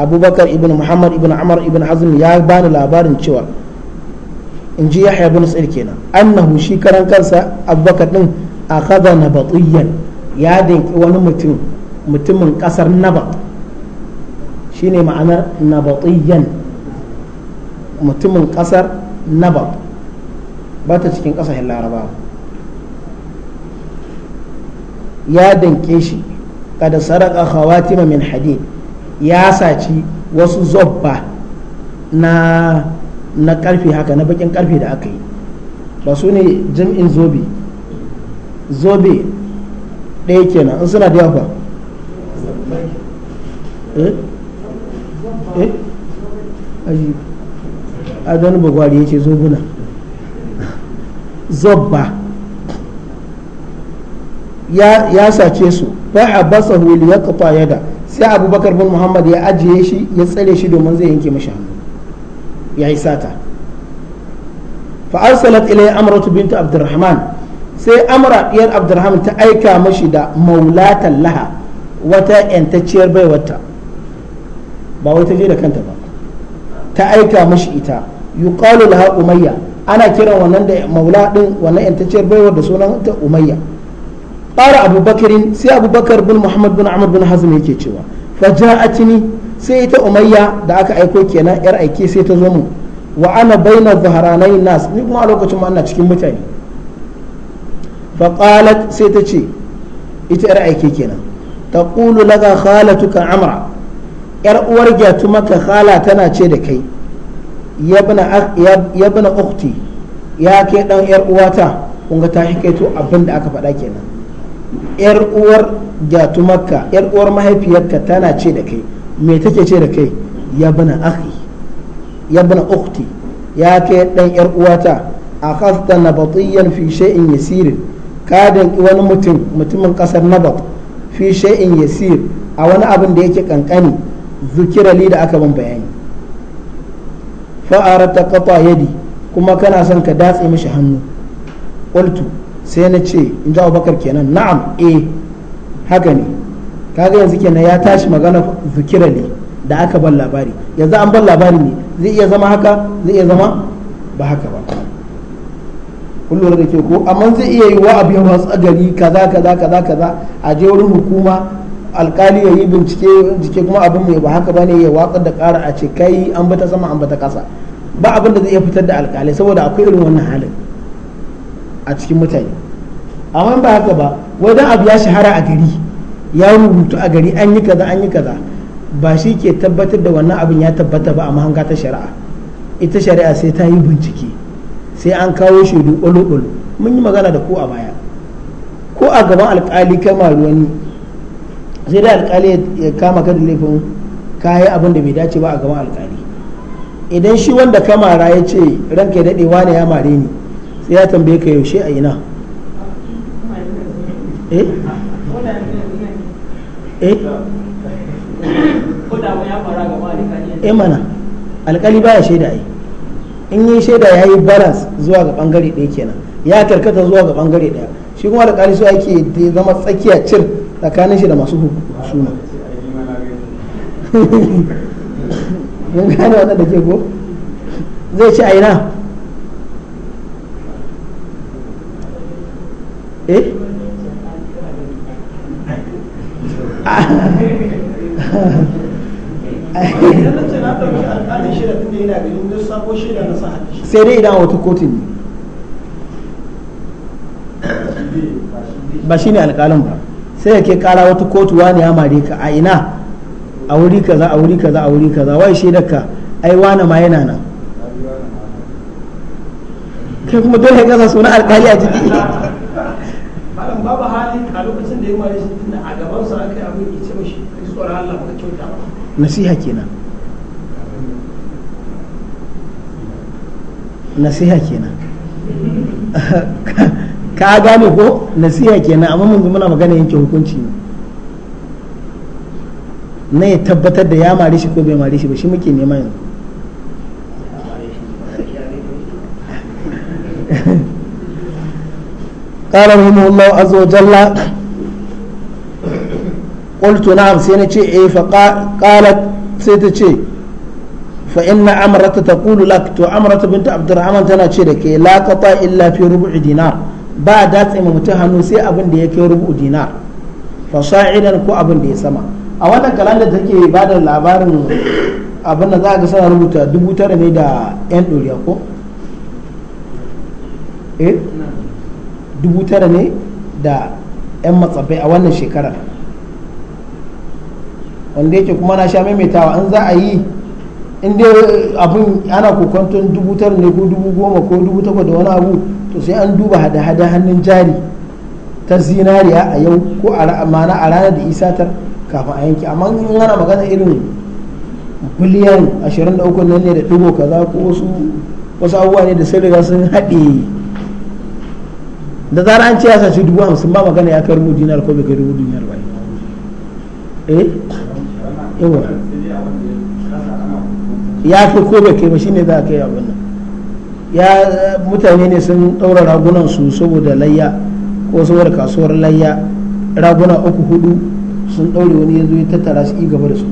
abubakar ibn muhammad ibn amr ibn hazm ya bani labarin cewa in ji yahya ibn sa'id kenan annahu shi karan kansa abubakar din akhadha nabatiyan ya dinki wani mutum mutumin kasar nabat shine ma'anar nabatiyan mutumin kasar nabat ba ta cikin kasashen larabawa ya dinke shi kada saraka khawatima min hadid ya saci wasu zobba na na karfe haka na bakin karfe da aka yi ba su ne jim'in zobe zobe ɗaya kenan in suna da yawa eh eh adon bugwari ya ce zobuna zobba ya sace su ba a basa huli ya kafa yada sai abubakar bin muhammad ya ajiye shi ya tsare shi domin zai yanke mashi hannu ya yi sata fa arsalat ilayhi amratu bint abdurrahman sai amra diyar abdurrahman ta aika mashi da maulatan laha wata yantacciyar baiwarta ba wai ta je da kanta ba ta aika mashi ita yuqalu laha umayya ana kiran wannan da maula din wannan yantacciyar baiwar da sunan ta umayya qala abu sai abubakar bin muhammad bin amr bin hazm yake cewa fa ja'atni sai ita umayya da aka aiko kenan yar aike sai ta zo wa ana baina zaharanai nas ni kuma a lokacin ma ana cikin mutane fa qalat sai ta ce ita yar aike kenan taqulu laka khalatuka amra yar uwar gyatu maka khala tana ce da kai yabna ukhti ya ke dan yar uwata kun ga ta hikaito abin da aka faɗa kenan yar uwar gatumarka yar uwar mahaifiyarka tana ce da kai me take ce da kai ya bana akhi ya bana ukhti ya kai dan yar uwata akhadta nabatiyan fi shay'in yasir ka danki wani mutum mutumin kasar nabat fi shay'in yasir a wani abin da yake kankani zukira li da aka ban bayani fa arata qata yadi kuma kana son ka datse mishi hannu qultu sai na ce in ji abubakar kenan na'am eh haka ne kaga yanzu kenan ya tashi magana zukira ne da aka ban labari yanzu an ban labari ne zai iya zama haka zai iya zama ba haka ba kullum da ke ko amma zai iya yi wa abin watsa gari kaza kaza kaza kaza a je wurin hukuma alkali ya yi bincike jike kuma abin mai ba haka bane ya watsar da kara a ce kai an bata sama an bata kasa ba abin da zai iya fitar da alkali saboda akwai irin wannan halin a cikin mutane amma ba haka ba wai dan abu ya shahara a gari ya rubutu a gari an yi kaza an yi kaza ba shi ke tabbatar da wannan abin ya tabbata ba a mahanga ta shari'a ita shari'a sai ta yi bincike sai an kawo shaidu ɓalo-ɓalo mun yi magana da ko a baya ko a gaban alkali kama wani sai da alkali ya kama ka da laifin kayi abin da bai dace ba a gaban alkali idan shi wanda kamara ya ce ranka ya daɗe wane ya mare ni ya tambaye ka yaushe a ina eh eh eh mana alkali baya shaida ai in yi shaida ya yi balance zuwa ga bangare ɗaya kenan ya karkata zuwa ga bangare ɗaya shi kuma alkali su ake zama tsakiya cir tsakanin shi da masu hukuma mun gane wannan ke ko zai ci a Eh? sai dai idan wata kotu ne ba shi ne alƙalin ba sai ya ke kara wata kotu wa ne ya mare ka a ina a wuri kaza a wuri kaza a wuri kaza wai shi ka ai wani ma yana nan kai kuma dole ya gasa suna alƙali a jiki amma ba hali a lokacin da ya mare shi tunda a gaban sa aka yi abin ya ce mashi kai tsoron Allah ba kyauta ba nasiha kenan nasiha kenan ka gane ko nasiha kenan amma mun zama magana yanke hukunci ne na ya tabbatar da ya mare shi ko bai mare shi ba shi muke nema yanzu قال رحمه الله عز وجل قلت نعم سينتي إيه فقالت سيتي فان أمرة تقول لك تو أمرة بنت عبد الرحمن تنا تشيرك لا قطع الا في ربع دينار بعد أتم متهنو سي أبن ديك ربع دينار فصاعدا كو أبن دي سما أولا كلام da take ba da labarin abin da za ga sana rubuta dubu tara ne da 'yan ɗoriya ko? eh? dubu tara ne da 'yan matsafai a wannan shekarar wanda yake kuma na sha maimaitawa an za a yi inda abin ana kokonton dubu tara ne ko dubu goma ko dubu takwas da wani abu to sai an duba hada-hada hannun jari ta zinariya a yau ko a mana a ranar da isatar kafin a yanki amma in ana magana irin biliyan 23 nan ne da digo kaza ko wasu wasu abubuwa ne da sun riga sun haɗe da zara an ce ya sace dubu hamsin ba magana ya kai rubu dinar ko bai kai rubu dinar ba eh yawa ya fi ko bai kai ba shine za a kai abin nan ya mutane ne sun ɗaura ragunan su saboda layya ko saboda kasuwar layya raguna uku hudu sun ɗaure wani ya zo ya tattara su gaba da su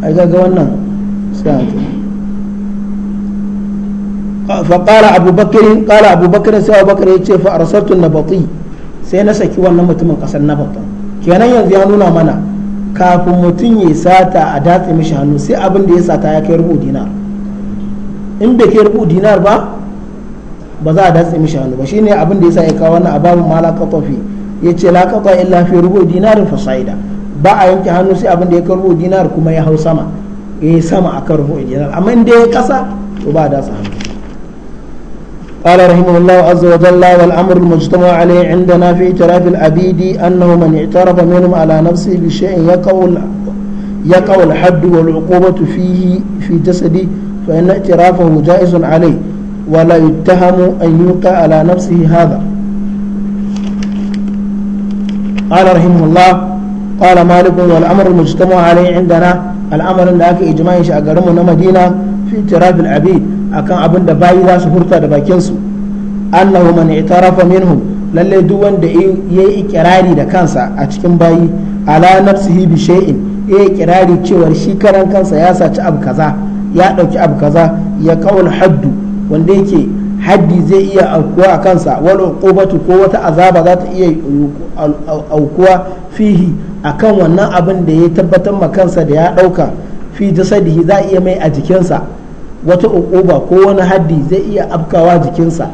ai ga wannan sai a bakirin sai abu فقال أبو بكر قال أبو بكر سوى بكر يتشي فأرسلت النبطي سينا سكي وانا متمن قصر yanzu ya nuna mana kafin mutum ya sata a datse mishi hannu sai abin da ya sata ya kai rubu dinar in bai kai rubu dinar ba ba za a datse mishi hannu ba shine abin da ya sa ya kawo wannan ma mala katafi ya ce la kata illa fi rubu dinarin fasaida ba a yanke hannu sai abin da ya kai rubu dinar kuma ya hau sama ya yi sama a akan rubu dinar amma in dai ya kasa to ba a datse hannu قال رحمه الله عز وجل والأمر المجتمع عليه عندنا في اعتراف العبيد أنه من اعترف منهم على نفسه بشيء يقع يقع الحد والعقوبة فيه في جسده فإن اعترافه جائز عليه ولا يتهم أن يوقع على نفسه هذا قال رحمه الله قال مالك والأمر المجتمع عليه عندنا الأمر الذي إجماعي شأقرمنا مدينة في اعتراف العبيد akan abin da bayi za su furta da bakinsu annahu man itarafa minhu lalle duk wanda yayi ikirari da kansa a cikin bayi ala nafsihi bi shay'in yayi ikirari cewar shi karan kansa ya saci abu kaza ya dauki abu kaza ya qaul haddu wanda yake haddi zai iya aukuwa a kansa wani ƙobatu ko wata azaba za ta iya aukuwa fihi a kan wannan abin da ya tabbatar ma kansa da ya ɗauka fi jasadihi za a iya mai a jikinsa wata uquba ko wani haddi zai iya afkawa jikinsa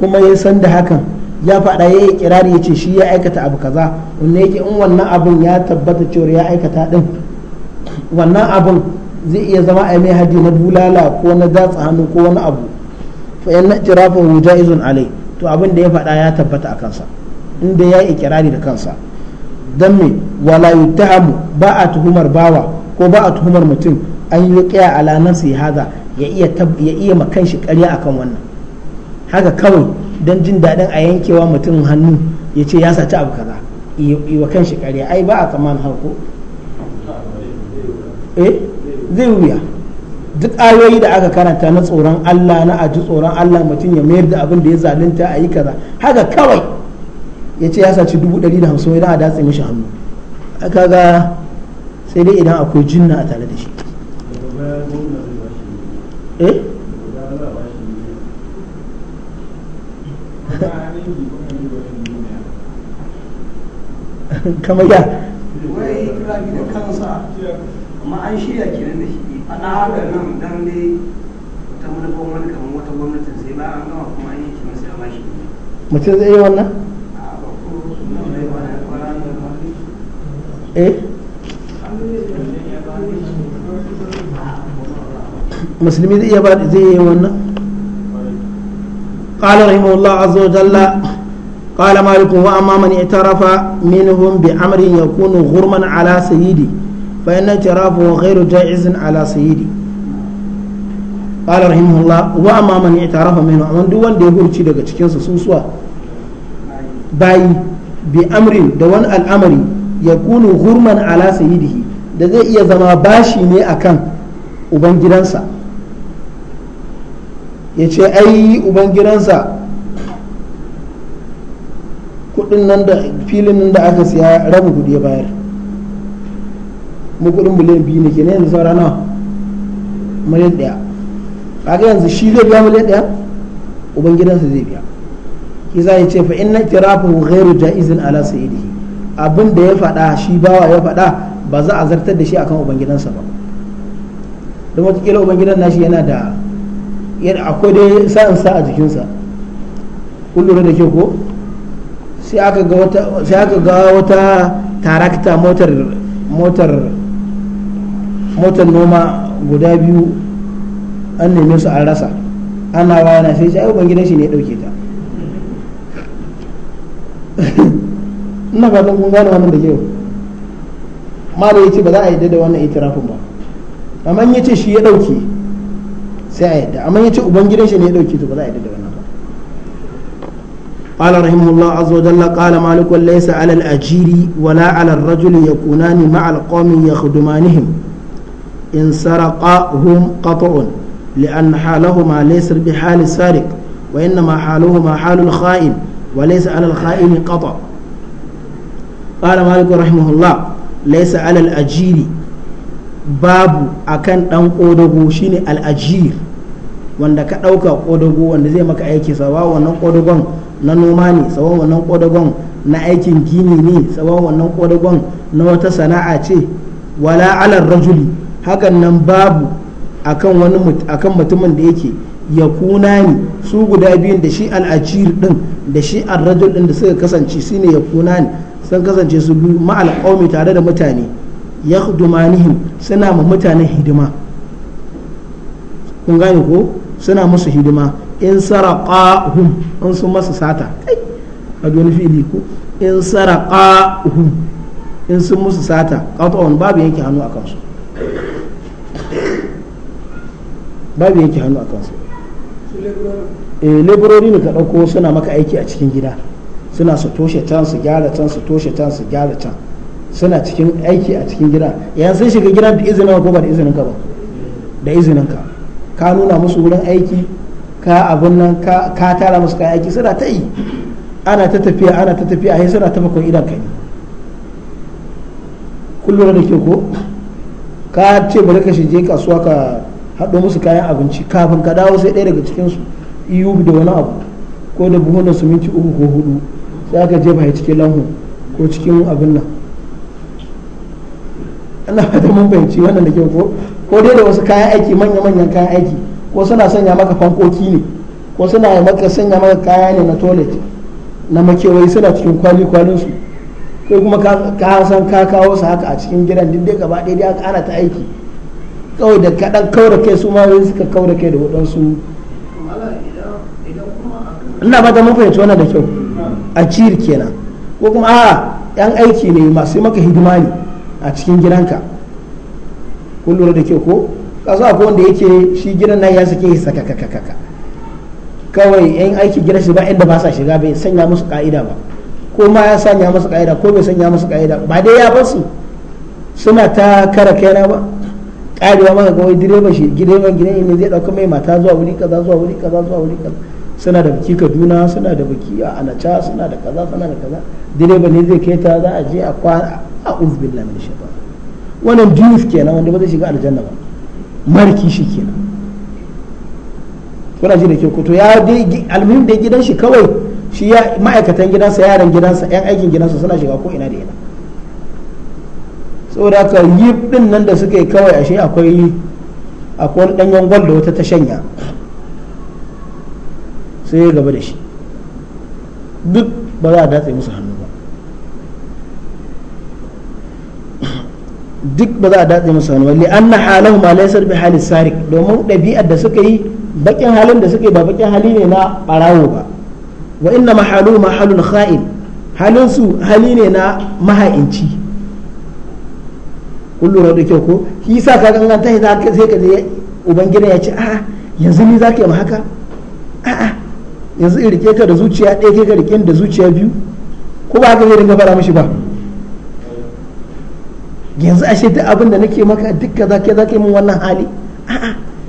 kuma ya san da hakan ya faɗa ya yi kirari ya ce shi ya aikata abu kaza wanda yake in wannan abin ya tabbata cewa ya aikata din wannan abun zai iya zama a mai haddi na bulala ko na datsa hannu ko wani abu na jirafin wuja jaizun alai to abin da ya faɗa ya tabbata a kansa inda ya yi kirari da kansa dan me wala yutahamu ba a tuhumar bawa ko ba a tuhumar mutum an yi ƙiya ala nafsi haza ya iya ya iya makan shi ƙarya akan wannan haka kawai don jin daɗin a yankewa mutum hannu ya ce ya saci abu kaza yi wa kan shi ƙarya ai ba a kaman harko eh zai wuya duk ayoyi da aka karanta na tsoron Allah na aji tsoron Allah mutum ya mayar da abin da ya zalunta a yi kaza haka kawai ya ce ya saci dubu ɗari da hamsin idan a datse mishi hannu kaga sai dai idan akwai jinna a tare da shi eh kama ya wai kira kansa amma an shirya kenan da shi haka nan dan ta wani kamar wata gwamnatin sai ba an gama kuma an yi shi masu shi mutum zai yi wannan eh musulmi zai iya zai yi wannan قال رحمه الله عز وجل قال مالك وأما من اعترف منهم بأمر يكون غرما على سيدي فإن اعترافه غير جائز على سيدي قال رحمه الله وأما من اعترف منهم من دون ديهور شيء دقا تشكين سوسوا باي بأمر دون الأمر يكون غرما على سيده da zai iya zama bashi ne akan ubangidansa ya ce ai ubangiransa kudin nan da filin nan da aka siya rabu kudi ya bayar mu kudin miliyan biyu ne kenan yanzu saura nawa miliyan daya kaga yanzu shi zai biya miliyan daya ubangiransa zai biya kiza ya ce fa inna tirafu ghairu jaizin ala sayidi abin da ya faɗa shi bawa ya faɗa ba za a zartar da shi akan ubangidansa ba don watakila ubangidan nashi yana da akwai dai sa'an sa a jikinsa kullum da ke ko sai aka ga wata tarakta motar motar motar noma guda biyu an neme su an rasa ana wayana sai shi ayyukan gidan shi ne ya dauke ta ina fatan kun gane wannan da ma da ya ce ba za a yi da wannan itirafin ba amma ya ce shi ya dauke sai a yadda amma yace uban gidan shi ne ya dauke to ba za a yadda da wannan قال رحمه الله عز وجل قال مالك ليس على الأجير ولا على الرجل يكونان مع القوم يخدمانهم إن سرقاهم قطع لأن حالهما ليس بحال السارق وإنما حالهما حال الخائن وليس على الخائن قطع قال مالك رحمه الله ليس على الأجير babu akan dan kodago shine al'ajir wanda ka ɗauka kodago wanda zai maka aiki sawa wannan kodagon na noma ne sawa wannan kodagon na aikin gini ne sawa wannan kodagon na wata sana'a ce wala alar rajuli hakan nan babu akan wani mutumin da yake ya kuna ne su guda biyun da shi al'ajir din da shi al-rajul din da suka kasance shine ya kuna ne sun kasance su biyu ma'al tare da mutane ya dumanihim suna ma mutane hidima kun gane ko suna musu hidima in saraqahum in sun masu sata kai a doni fili ko in saraqahum in sun musu sata wani babu yanke hannu a su babu yanke hannu a su e eh, laborori ne ka suna maka aiki a cikin gida suna su toshe can su gyara can su toshe can su gyara can suna cikin aiki a cikin gida ya sun shiga gida da izinin ko ba da izinin ka ba da izinin ka ka nuna musu wurin aiki ka abun nan ka tara musu kayan aiki suna ta yi ana ta tafiya ana ta tafiya sai suna ta bakon idan ka ne kullum da ke ko ka ce bari ka shige kasuwa ka haɗo musu kayan abinci kafin ka dawo sai ɗaya daga cikinsu iyu da wani abu ko da buhunan su minti uku ko hudu sai aka jefa ya cikin lanhu ko cikin abin nan Allah fata mun fahimci wannan da kyau ko ko dai da wasu kayan aiki manya manyan kayan aiki ko suna sanya maka fankoki ne ko suna maka sanya maka kaya ne na toilet na makewayi suna cikin kwali kwalin su ko kuma ka san ka kawo su haka a cikin gidan duk dai gaba ɗaya dai ana ta aiki kawai da kaɗan kaura kai su ma suka kaura kai da waɗansu ina ba ta mun fahimci wannan da kyau a ciyar kenan ko kuma a yan aiki ne masu maka hidima ne a cikin gidanka kun lura da ke ko kasu ko wanda yake shi gidan nan ya sake saka kakakaka kawai yan aiki gidan shi ba inda ba sa shiga bai sanya musu ka'ida ba ko ma ya sanya musu ka'ida ko bai sanya musu ka'ida ba dai ya su suna ta kara kaina ba karewa maka kawai direban shi direban gidan ne zai dauka mai mata zuwa wuri kaza zuwa wuri kaza zuwa wuri kaza suna da biki kaduna suna da biki a anacha suna da kaza suna da kaza direban ne zai kai ta za a je a kwana a'udhu billahi minash shaitan wannan ke kenan wanda ba zai shiga aljanna ba marki shi kenan kuna ji da ke ko to ya dai almuhim da gidan shi kawai shi ya ma'aikatan gidansa yaran gidansa yan aikin gidansa suna shiga ko ina da ina saboda haka yi din nan da suka yi kawai ashe akwai akwai wani danyen gwal da wata ta shanya sai ya gaba da shi duk ba za a datse musu hannu duk ba za a datse musu hannu li anna halahum alaysar bi halin sarik domin ɗabi'ar da suka yi bakin halin da suka yi ba bakin hali ne na ɓarawo ba wa inna mahalu mahalul kha'in halin su hali ne na maha'inci kun lura da kyau ko shi sa ka ta yi zaka sai ka je ubangidan ya ce a'a yanzu ni zaka yi ma haka a'a yanzu in rike ka da zuciya ɗaya ke ka rike da zuciya biyu ko ba haka zai dinga fara mishi ba yanzu ashe duk abin da nake maka dukka za ka yi min wannan hali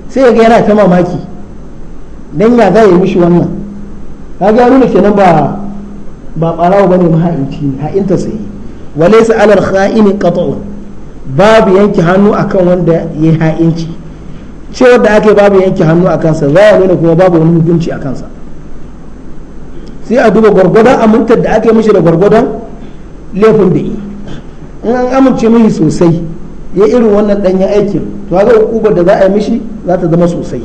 sai ya ga yana ta mamaki dan ya za ya mishi wannan kaga ya nuna kenan ba ba barawo ne maha'inci ne ha'inta sai su alar kha'ini qat'un babu yanke hannu akan wanda yi ha'inci cewar da aka babu yanke hannu a kansa za a nuna kuma babu wani hukunci a kansa sai a duba gwargwadon amintar da aka yi mishi da gwargwadon laifin da yi in an amince mishi sosai ya irin wannan danyen aikin to ga hukubar da za a yi mishi za ta zama sosai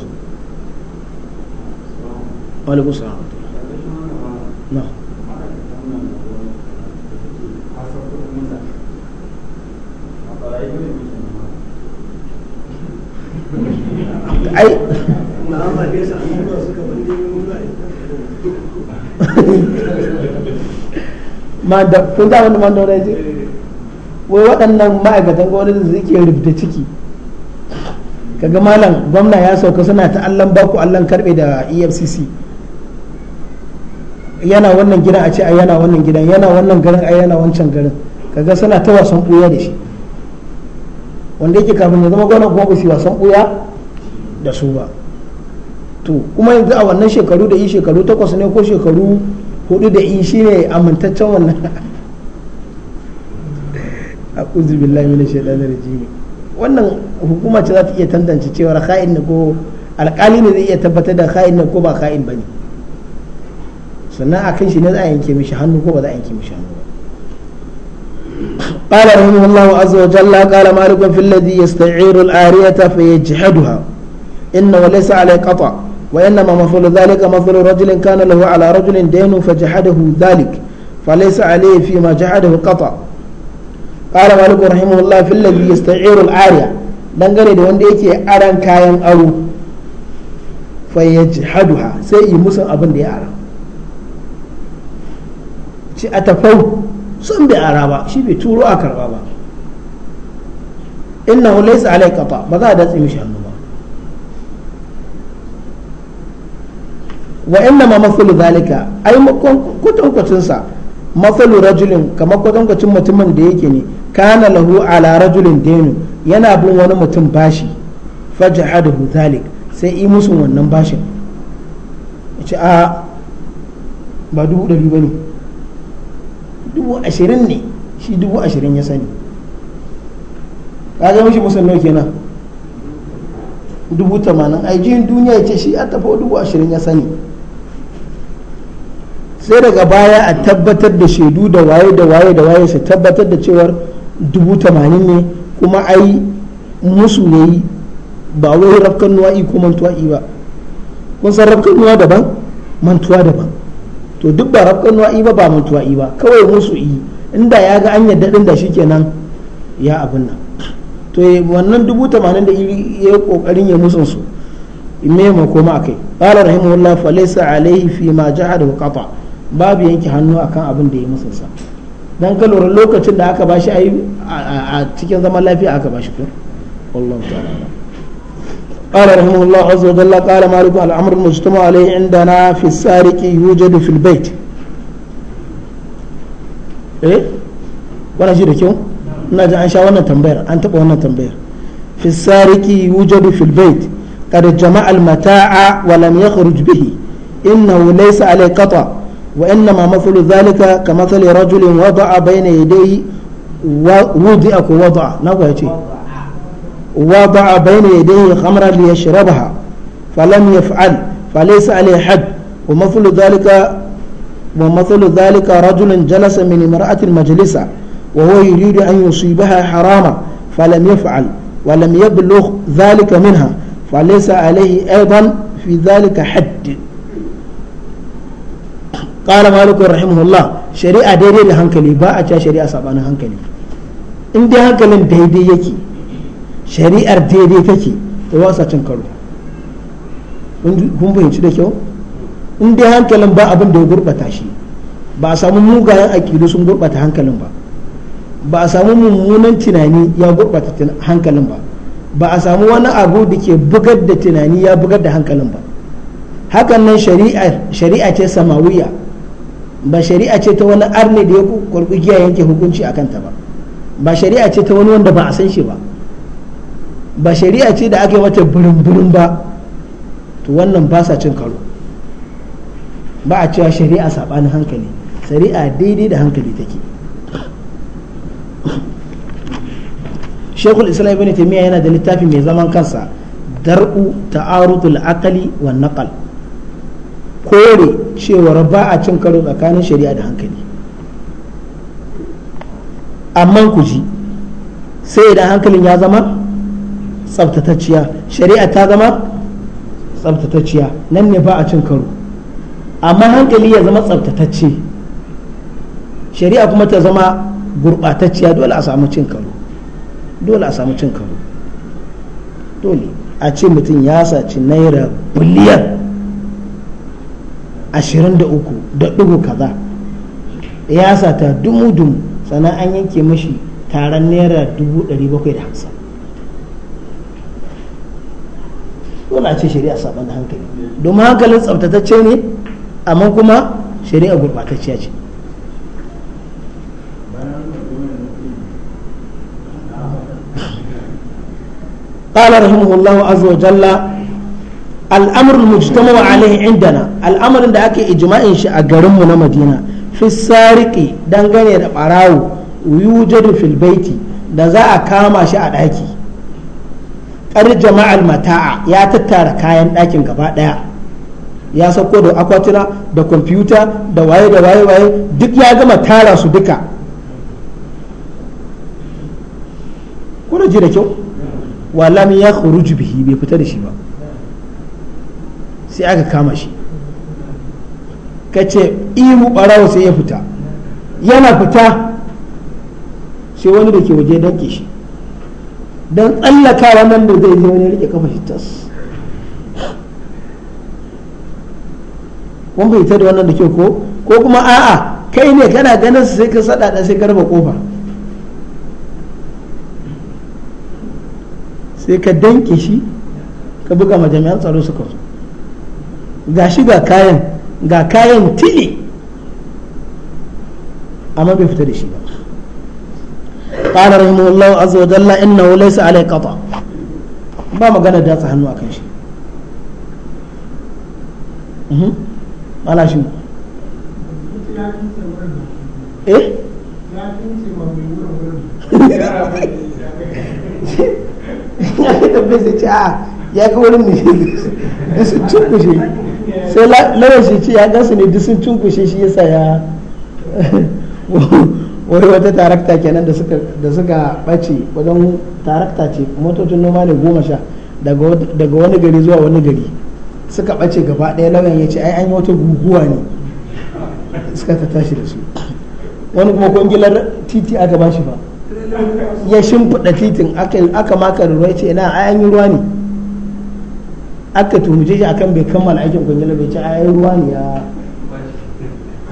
ai ma da kun da wani mandora ya ce wai waɗannan ma'aikatan gwamnati da suke rubuta ciki kaga malam gwamna ya sauka suna ta allan baku allan karbe da efcc yana wannan gidan a ce a yana wannan gidan yana wannan garin a yana wancan garin kaga suna ta wasan ɓuya da shi wanda yake kafin ya zama gwamna kuma ba su wasan ɓuya da su ba to kuma yanzu a wannan shekaru da yi e shekaru takwas ne ko shekaru hudu da yi e shine amintaccen wannan a uzu billahi min shaitanir rajim wannan hukuma ce za ta iya tantance cewar kha'in ne ko alƙali ne zai iya tabbatar da kha'in ne ko ba kha'in ne sannan a kan shi ne za a yanke mishi hannu ko ba za a yanke mishi hannu قال رحمه الله عز وجل قال مالك في الذي يستعير الآرية فيجحدها إنه ليس عليه قطع وإنما مثل ذلك مثل رجل كان له على رجل دين فجحده ذلك فليس عليه فيما جحده قطع qala malik rahimahullah fil ladhi yasta'iru al-ariya dangane da wanda yake aran kayan aro fa yajhaduha sai yi musu abin ya ara ci atafau sun bai ara shi bai turo a karba ba innahu laysa alayka qata ba za a datse mishi hannu ba wa inna ma mafalu zalika ai kwatankwacin sa mafalu rajulin kamar kwatankwacin mutumin da yake ne kana lahu ala rajulin denu yana bin wani mutum bashi fajahadahu zalik sai yi musu wannan bashin ce a ba dubu ɗari ba ne dubu ashirin ne shi dubu ashirin ya sani kaga mishi musan nauke kenan dubu tamanin aijiyin duniya ya ce shi a tafi dubu ashirin ya sani sai daga baya a tabbatar da shaidu da waye da waye da waye su tabbatar da cewar dubu tamanin ne kuma ai musu ya yi ba wai rafkan nuwa'i ko mantuwa'i ba kun san rafkan nuwa daban mantuwa daban to duk ba rafkan nuwa'i ba ba mantuwa'i ba kawai musu yi inda ya ga an daɗin da shi kenan ya abin nan to eh, wannan dubu tamanin da ya kokarin ya musun su me ma koma kai qala rahimahullah fa laysa alayhi fi ma jahada qata babu yanke hannu akan abin da ya musun sa dan ka lokacin da aka ba shi a cikin zaman lafiya aka shi ko wallahu ta'ala قال رحمه الله عز وجل قال مالك الامر المجتمع عليه عندنا في السارق يوجد في البيت eh wani shi da kyau ina ji an sha wannan tambayar an taɓa wannan tambayar fi sariki yujadu fil bait kada jama'a al mata'a wa lam bihi innahu laysa alai وإنما مثل ذلك كمثل رجل وضع بين يديه ووضع وضع نقول وضع بين يديه خمرا ليشربها فلم يفعل فليس عليه حد ومثل ذلك ومثل ذلك رجل جلس من امرأة مجلسة وهو يريد أن يصيبها حراما فلم يفعل ولم يبلغ ذلك منها فليس عليه أيضا في ذلك حد qala malik rahimahullah shari'a daidai da hankali ba a cewa shari'a sabanin hankali inda hankalin daidai yake shari'ar daidai take to ba cin karo kun fahimci da kyau inda hankalin ba abin da ya gurɓata shi ba a samu mugayen aƙidu sun gurɓata hankalin ba ba a samu mummunan tunani ya gurɓata hankalin ba ba a samu wani abu da ke bugar da tunani ya bugar da hankalin ba hakan nan shari'a ce samawiya ba shari'a ce ta wani arne da ya kurkuku giya yanke hukunci a kanta ba ba shari'a ce ta wani wanda ba a san shi ba ba shari'a ce da aka yi mata burin-burin ba to wannan ba sa cin karo ba a cewa shari'a saɓanin hankali shari'a daidai da hankali take shekul islam ibn taimiyya yana da littafi mai zaman kansa dar'u ta'arudul akali wa naqal kore cewar ba a cin karo tsakanin shari'a da hankali amma ku ji sai idan hankalin ya zama tsabtatacciya shari'a ta zama tsabtatacciya nan ne ba a cin karo amma hankali ya zama tsabtatacce shari'a kuma ta zama gurɓatacciya dole a samu cin karo dole a samu cin karo dole a ce mutum ya saci naira biliyan 23 da uku ɗigo kaza ya sa ta dumu dumu sannan an yanke mashi taron naira 750 ɗari dole a ce shari'a saɓan hankali domin hankalin tsabtatacce ne amma kuma shari'a gurɓatacciya ce قال رحمه الله عز وجل al'amr mujtama alaihi indana al'amarin da ake ijma'in shi a garinmu na madina fi sariki dangane da barawo yujadu fil baiti da za a kama shi a daki kar jama'al mata'a ya tattara kayan ɗakin gaba ɗaya ya sauko da akwatuna da kwamfuta da waye da waye waye duk ya gama tara su duka kuna ji da kyau walam ya bihi bai fita da shi ba sai aka kama shi ka ce imu ɓarawo sai ya fita yana fita sai wani da ke waje danke shi don tsallaka wannan da zai zai wani rike kafa shi tas kun ta da wannan da ke ko ko kuma a'a kai ne kana ganin sai ka da sai ka kofa sai ka danke shi ka buga ma jami'an tsaro su kawo ga shi ga kayan ga kayan tili amma bai fita da shi ba قال رحمه الله عز laysa qata ba magana da hannu a kan shi mhm. ala shi eh ya ce a ya ga wurin ne su cin sai lawan shi ce ya gansu ne duk sun cunkushe shi yasa ya wani wata tarakta kenan da suka ɓace wajen tarakta ce motocin noma ne goma sha daga wani gari zuwa wani gari suka ɓace gaba ɗaya lauyan ya ce ai an yi wata guguwa ne suka ta tashi da su wani kuma kungilar titi aka ba shi ba ya shimfiɗa titin aka maka ruwa ya ce na ai an yi ruwa ne aka tuhuje shi akan bai kammala aikin kwangila bai ci ayi ruwa ne ya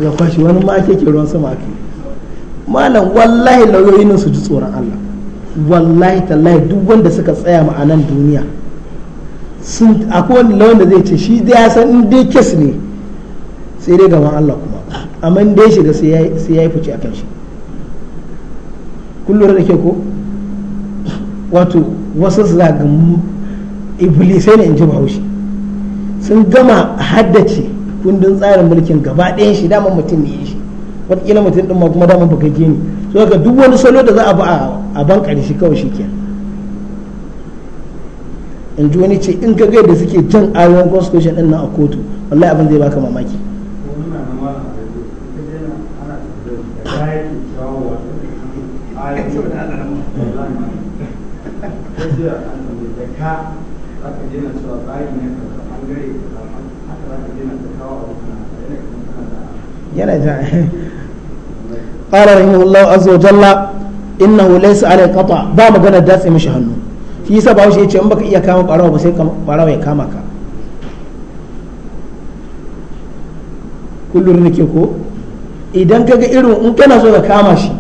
ya kwashi wani ma ake ke ruwan sama ake malam wallahi lauyoyin su ji tsoron Allah wallahi tallahi duk wanda suka tsaya ma anan duniya sun akwai wani lauyan da zai ce shi dai ya san in dai kes ne sai dai gaban Allah kuma amma in dai shiga sai ya yi fice akan shi kullum da ke ko wato wasu zagin iblisai ne in ji bahaushe sun gama haddace kundin tsarin mulkin gaba ɗayan shi dama mutum ne shi wataƙila mutum ɗin ma kuma dama baka gini so ga duk wani salo da za a bi a ban ƙarshe kawai shi ke in ji wani ce in ka ga da suke jan ayon constitution ɗin nan a kotu wallahi abin zai baka mamaki Yeah. yana ja Allah رحمه الله عز وجل su ليس عليه قطع با magana datse mishi hannu shi yasa ba shi yace in baka iya kama barawa ba sai barawa ya kama ka kullun nake ko idan ka ga irin in kana so ka kama shi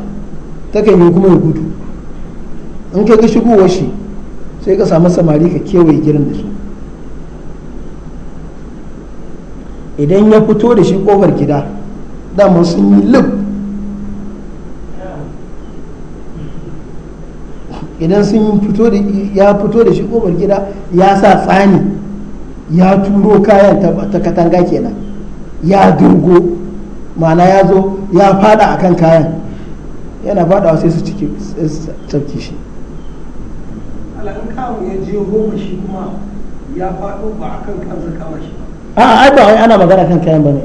takan yi kuma ya gudu in ga shigowar shi sai ka samu samari ka kewaye girin da su idan ya fito da shi kofar gida dama sun yi lub idan sun fito ya fito da shi kofar gida ya sa tsani ya turo kayan ta katanga kenan ya durgo ma'ana ya zo ya fada akan kayan yana fadawa sai su ciki shi in kawo ya je goma shi kuma ya faɗo ba a kan kansa kama shi ba a'a ba wai ana magana kan kayan bane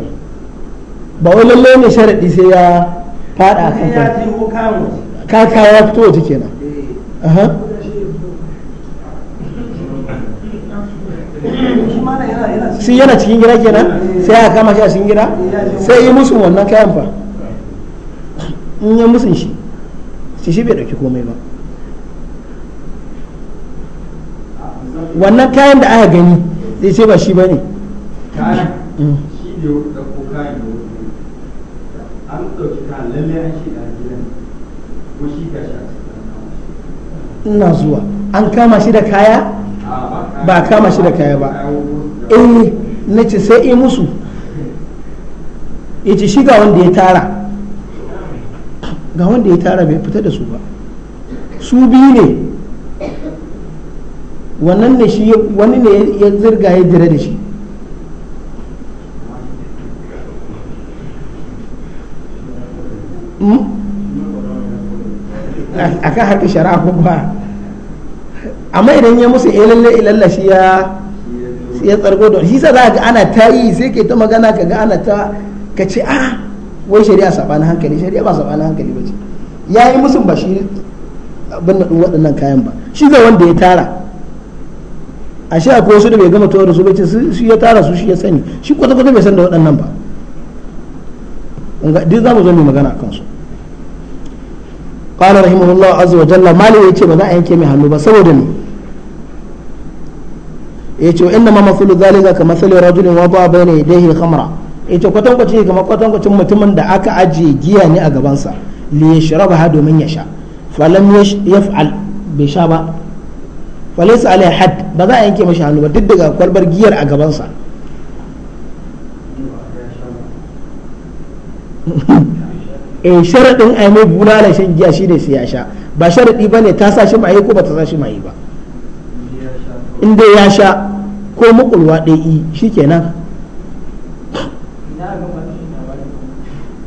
ba wai lallai ne sharaɗi sai ya faɗa a kan kayan ka kaya ya fito waje kenan eh. shi yana cikin gida kenan eh. sai aka kama shi a cikin gida eh, sai yi musu wannan kayan fa in yi musun shi shi shi bai dauki komai ba wannan kayan da aka gani zai eh, ce ba shi ba ne ina zuwa an kama shi da kaya ba kama shi da kaya ba eh na ce sai yi eh musu ya ce shi ga wanda ya tara ga wanda ya tara bai fita da su ba su biyu ne wannan ne shi wani ne ya zirga ya jira da shi hmm? a kan haka shari'a ko ba amma idan ya musu ilalle eh, ilalla eh, shi ya ya tsargo da shi sa za ga ana ta yi sai ke ta magana ka ga ana ta ka ce a ah, wai shari'a saɓanin hankali shari'a ba saɓanin hankali ba ce ya yi musun ba shi abin waɗannan kayan ba shi zai wanda ya tara ashe akwai wasu da bai gama tuwa da su bace su ya tara su shi ya sani shi kwata kwata bai san da waɗannan ba duk za mu zo mu magana akan su qala rahimahullah azza wa jalla mali ce ba za a yanke mai hannu ba saboda ne ce wa inda ma mathulu za ka bai rajulin ya dai yadayhi khamra yace ce kwatankwacin kamar kwatankwacin mutumin da aka ajiye giya ne a gabansa li ha domin ya sha falam al bai sha ba walaysa alai had ba za a yanke mashi hannu ba duk daga kwalbar giyar a gabansa e sharaɗin a mai bulala shan giya ne su ya sha ba sharaɗi ba ne ta sa shi maye ko ba ta sa shi maye ba in dai ya sha ko makulwa ɗai shi kenan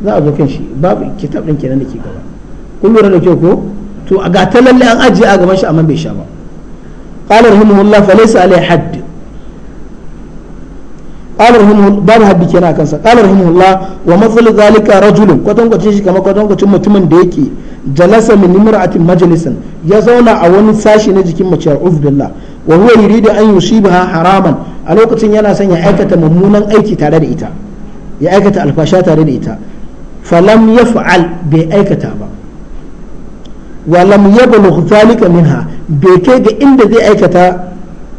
za a zo kan shi babu kitab ɗin kenan da ke gaba kun lura da kyau ko to a ga ta lalle an ajiye a gaban shi amma bai sha ba قال رحمه الله فليس عليه حد قال رحمه الله باب حد كنا كنسا قال رحمه الله ومثل ذلك رجل كتن كتن كما كتن كتن متمن ديكي جلس من امرأة مجلسا يزونا أول ساشي نجكي مجال عوذ بالله وهو يريد أن يصيبها حراما ألو كتن ينا سن يأكت ممونا أيكي تارد إتا يأيكة الفاشا تارد إتا فلم يفعل بأيكة بأيكتها wa lam zalika minha bai kai ga inda zai aikata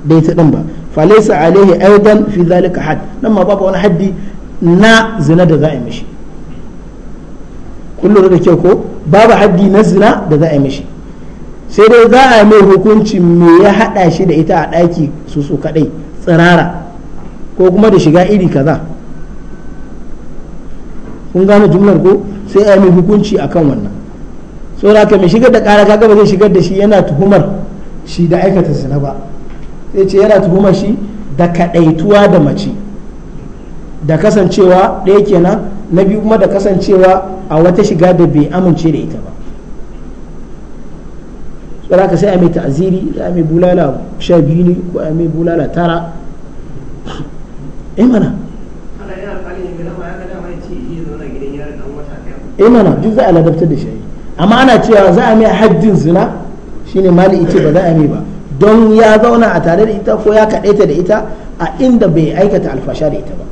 da ita din ba fa laysa alaihi aidan fi zalika had nan ma babu wani haddi na zina da za a yi mishi kullum da ke ko babu haddi na zina da za a yi mishi sai dai za a mai hukunci me ya hada shi da ita a ɗaki su su kadai tsirara ko kuma da shiga iri kaza kun gane jumlar ko sai a mai hukunci akan wannan saboda ka mai shigar da kara kaga ba zai shigar da shi yana tuhumar shi da aikata zina ba sai ce yana tuhumar shi da kadaituwa da mace da kasancewa ɗaya kenan na biyu kuma da kasancewa a wata shiga da bai amince da ita ba saboda ka sai a mai ta'aziri za a mai bulala sha biyu ne ko a mai bulala tara eh mana eh mana duk za a ladabtar da shi amma ana cewa za a mai haddin zina shine mali ce ba za a mai ba don ya zauna a tare da ita ko ya kaɗaita da ita a inda bai aikata alfasha da ita ba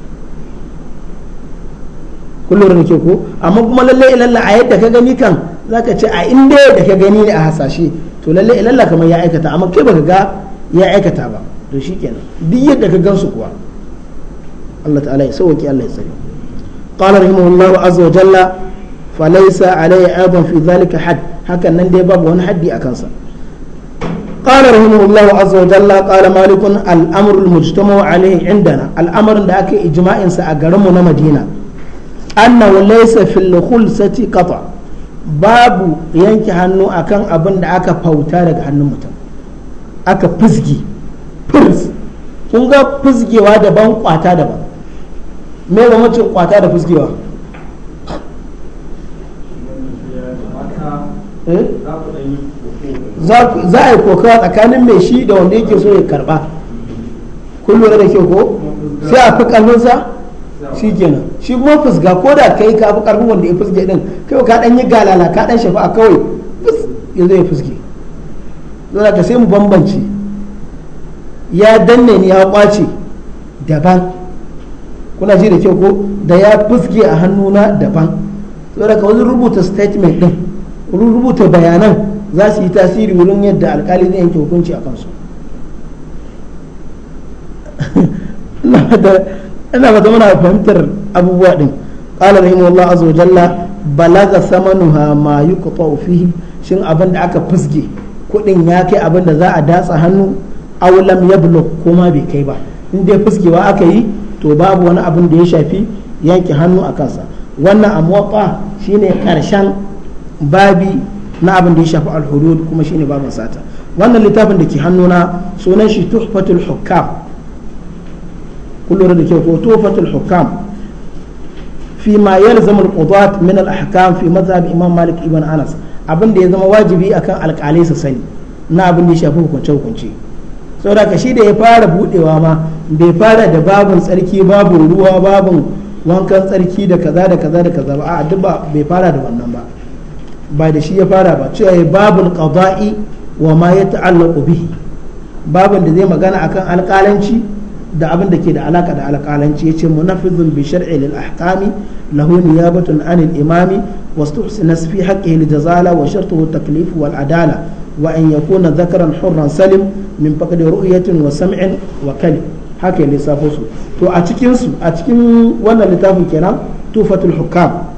kullum ke ko amma kuma lalle ilalla a yadda ka gani kan zaka ce a inda da ka gani ne a hasashe to lalle ilalla kamar ya aikata amma kai baka ga ya aikata ba to shikenan duk yadda ka gansu kuwa Allah ta'ala ya sauke Allah ya tsare قال himar الله عز وجل falaisa alayhi aidan fi zalika had hakan nan dai babu wani haddi a sa qala rahimahullah azza wa jalla qala malik al amr al mujtama'u alayhi indana al amr da aka ijma'in sa a garin mu na madina anna laysa fi khulsati qata babu yanke hannu akan abin da aka fauta daga hannun mutum aka fizgi firs kun ga fizgewa daban kwata daban me mu mutum kwata da fizgewa Eh? za a yi kokawa tsakanin mai shi da wanda yake so ya karba kun lura da ke ko sai a fi karfinsa shi kenan shi kuma fusga ko da kai ka fi ƙarfin wanda ya fusge din kai ka dan yi galala ka dan shafa a kawai fus ya zai fusge don ka sai mu bambanci ya danne ni ya kwace daban kuna ji da ke ko da ya fuske a hannuna daban saboda ka wani rubuta statement din rubuta bayanan za su yi tasiri wurin yadda alkali zai yanke hukunci a kansu ina ba fahimtar abubuwa din ƙalar rahimahullah azza wa jalla balaga ha ma yuqta fihi shin abin da aka fuske kudin ya kai abin da za a datsa hannu ya ya ko ma bai kai ba in dai fuskewa aka yi to babu wani abin da ya shafi yanke hannu a kansa wannan shi shine karshen babi na abin da ya shafi al-hudud kuma shine babin sata wannan littafin da ke hannuna sunan shi tuhfatul hukam kullum da ke ko tuhfatul hukam fi ma yalzam al-qudat min al-ahkam fi mazhab imam malik ibn anas abin da ya zama wajibi akan alƙalai su sani na abin da ya shafi hukunce hukunce saboda ka shi da ya fara budewa ma bai fara da babin tsarki babin ruwa babin wankan tsarki da kaza da kaza da kaza ba a duk ba bai fara da wannan ba ba da shi ya fara ba cewa ya babul qada'i wa ma ya ta'allaqu bihi babin da zai magana akan alƙalanci da abin da ke da alaka da alƙalanci yace munafizun bi shar'i lil ahkami lahu niyabatun anil imami wastuhsina fi haqqihi lil jazala wa shartuhu taklif wal adala wa an yakuna dhakaran hurran salim min faqdi ru'yatin wa sam'in wa kalim haka ya lissafo to a cikin su a cikin wannan littafin kenan tufatul hukam